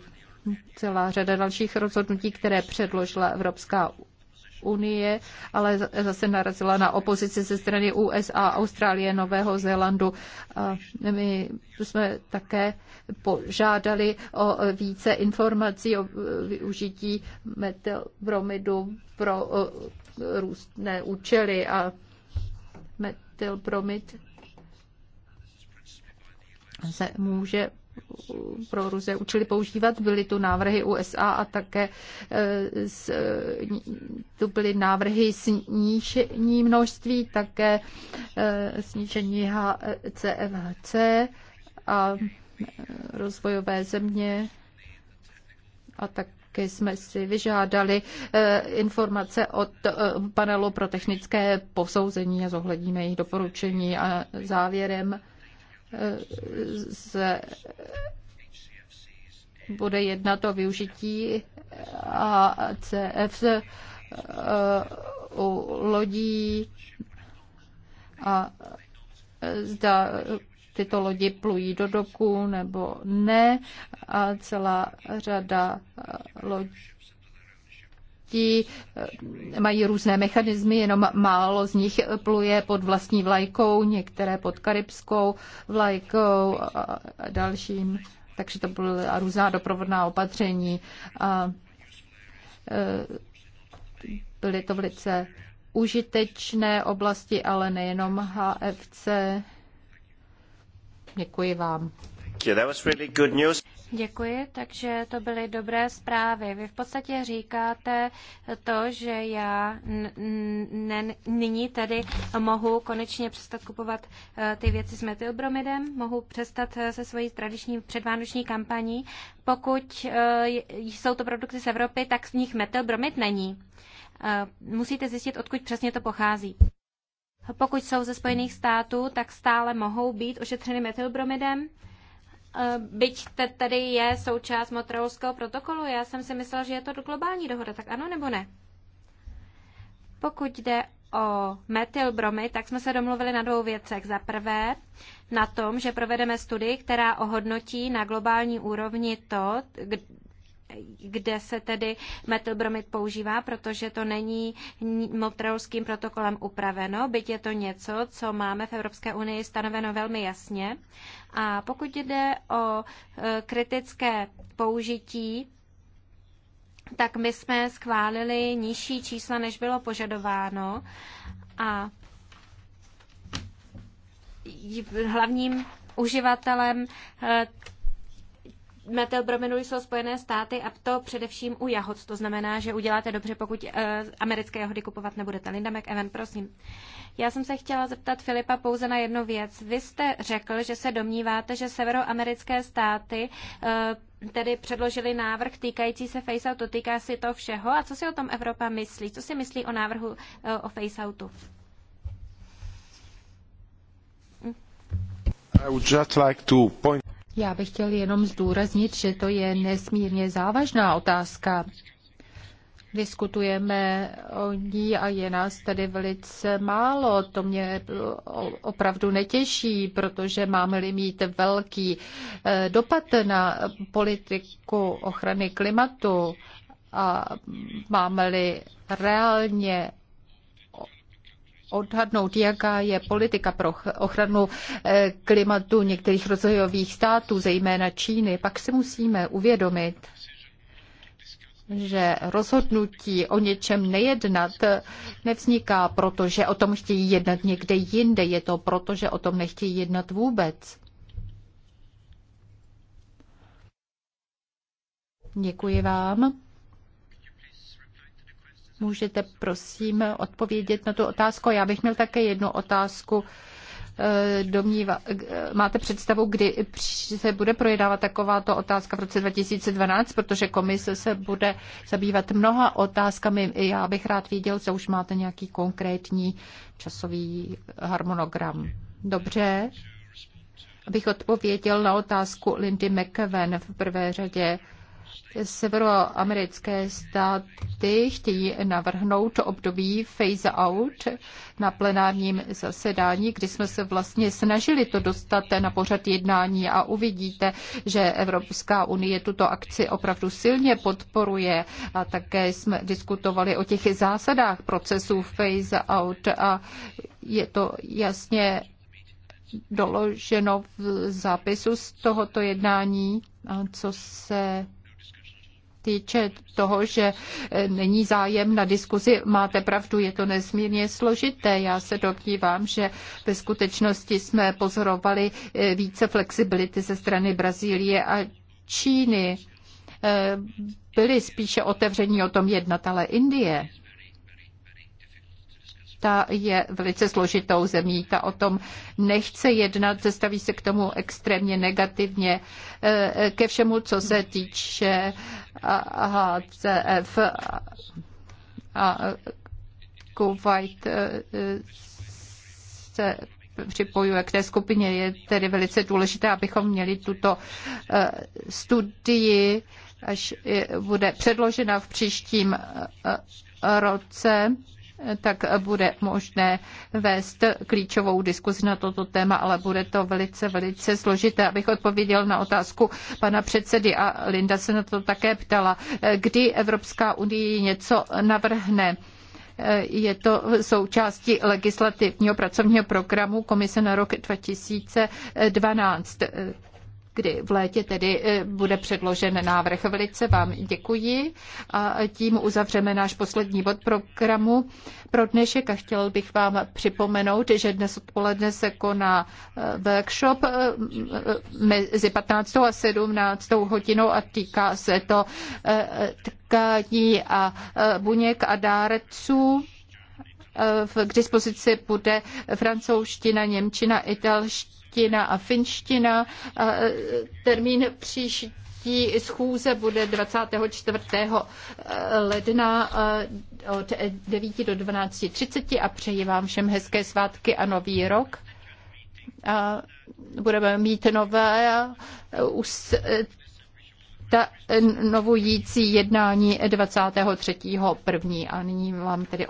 celá řada dalších rozhodnutí, které předložila Evropská unie, ale zase narazila na opozici ze strany USA, Austrálie, Nového Zélandu. A my jsme také požádali o více informací o využití metylbromidu pro eh, různé účely a met- metylbromid se může pro ruze učili používat. Byly tu návrhy USA a také z, e, tu byly návrhy snížení množství, také e, snížení HCFHC a e, rozvojové země a tak Taky jsme si vyžádali eh, informace od eh, panelu pro technické posouzení a zohledíme jejich doporučení. A závěrem se eh, bude jednat o využití ACF u lodí a zda tyto lodi plují do doku nebo ne. A celá řada eh, lodí eh, mají různé mechanismy, jenom málo z nich pluje pod vlastní vlajkou, některé pod karibskou vlajkou a dalším. Takže to byly různá doprovodná opatření. A eh, byly to velice užitečné oblasti, ale nejenom HFC. Děkuji vám. Děkuji, takže to byly dobré zprávy. Vy v podstatě říkáte to, že já nyní tedy mohu konečně přestat kupovat eh, ty věci s metylbromidem, mohu přestat eh, se svojí tradiční předvánoční kampaní. Pokud eh, jsou to produkty z Evropy, tak v nich metylbromid není. Musíte zjistit, odkud přesně to pochází pokud jsou ze Spojených států, tak stále mohou být ošetřeny metylbromidem. Eh, byť tedy je součást Montrealského protokolu, já jsem si myslela, že je to globální dohoda, tak ano nebo ne? Pokud jde o metylbromy, tak jsme se domluvili na dvou věcech. Za prvé na tom, že provedeme studii, která ohodnotí na globální úrovni to, kde se tedy metylbromid používá, protože to není Montrealským protokolem upraveno, byť je to něco, co máme v Evropské unii stanoveno velmi jasně. A pokud jde o e, kritické použití, tak my jsme schválili nižší čísla, než bylo požadováno. A hlavním uživatelem e, metylbromidu jsou Spojené státy a to především u jahod. To znamená, že uděláte dobře, pokud uh, americké jahody kupovat nebudete. Linda McEwen, prosím. Já jsem se chtěla zeptat Filipa pouze na jednu věc. Vy jste řekl, že se domníváte, že severoamerické státy uh, tedy předložili návrh týkající se faceoutu. Týká si to všeho? A co si o tom Evropa myslí? Co si myslí o návrhu uh, o faceoutu? I would just like to point já bych chtěl jenom zdůraznit, že to je nesmírně závažná otázka. Diskutujeme o ní a je nás tady velice málo. To mě opravdu netěší, protože máme-li mít velký eh, dopad na politiku ochrany klimatu a máme-li reálně odhadnout, jaká je politika pro ochranu eh, klimatu některých rozvojových států, zejména Číny, pak si musíme uvědomit, že rozhodnutí o něčem nejednat nevzniká proto, že o tom chtějí jednat někde jinde, je to proto, že o tom nechtějí jednat vůbec. Děkuji vám. Můžete prosím odpovědět na tu otázku? Já bych měl také jednu otázku. Eh, domníva, eh, máte představu, kdy se bude projednávat takováto otázka v roce 2012, protože komise se bude zabývat mnoha otázkami. Já bych rád věděl, že už máte nějaký konkrétní časový harmonogram. Dobře. Abych odpověděl na otázku Lindy McEwen v prvé řadě Severoamerické státy chtějí navrhnout období phase-out na plenárním zasedání, kdy jsme se vlastně snažili to dostat na pořad jednání a uvidíte, že Evropská unie tuto akci opravdu silně podporuje a také jsme diskutovali o těch zásadách procesů phase-out a je to jasně doloženo v zápisu z tohoto jednání, co se týče toho, že e, není zájem na diskuzi, máte pravdu, je to nesmírně složité. Já se domnívám, že ve skutečnosti jsme pozorovali e, více flexibility ze strany Brazílie a Číny. E, byli spíše otevření o tom jednat, ale Indie ta je velice složitou zemí, ta o tom nechce jednat, staví se k tomu extrémně negativně eh, ke všemu, co se týče HCF a Kuwait eh, se připojuje k té skupině. Je tedy velice důležité, abychom měli tuto eh, studii, až bude předložena v příštím roce tak bude možné vést klíčovou diskuzi na toto téma, ale bude to velice, velice složité. Abych odpověděl na otázku pana předsedy a Linda se na to také ptala, kdy Evropská unie něco navrhne je to součástí legislativního pracovního programu Komise na rok 2012 kdy v létě tedy e, bude předložen návrh. Velice vám děkuji a tím uzavřeme náš poslední bod programu pro dnešek a chtěl bych vám připomenout, že dnes odpoledne se koná e, workshop e, mezi 15. a 17. hodinou a týká se to tkání a buněk a dárců k dispozici bude francouzština, němčina, italština, čeština a finština. E, termín příští schůze bude 24. E, ledna e, od 9 do 12.30 a přeji vám všem hezké svátky a nový rok. A budeme mít nové úst, ta novující jednání 23. první a nyní vám tedy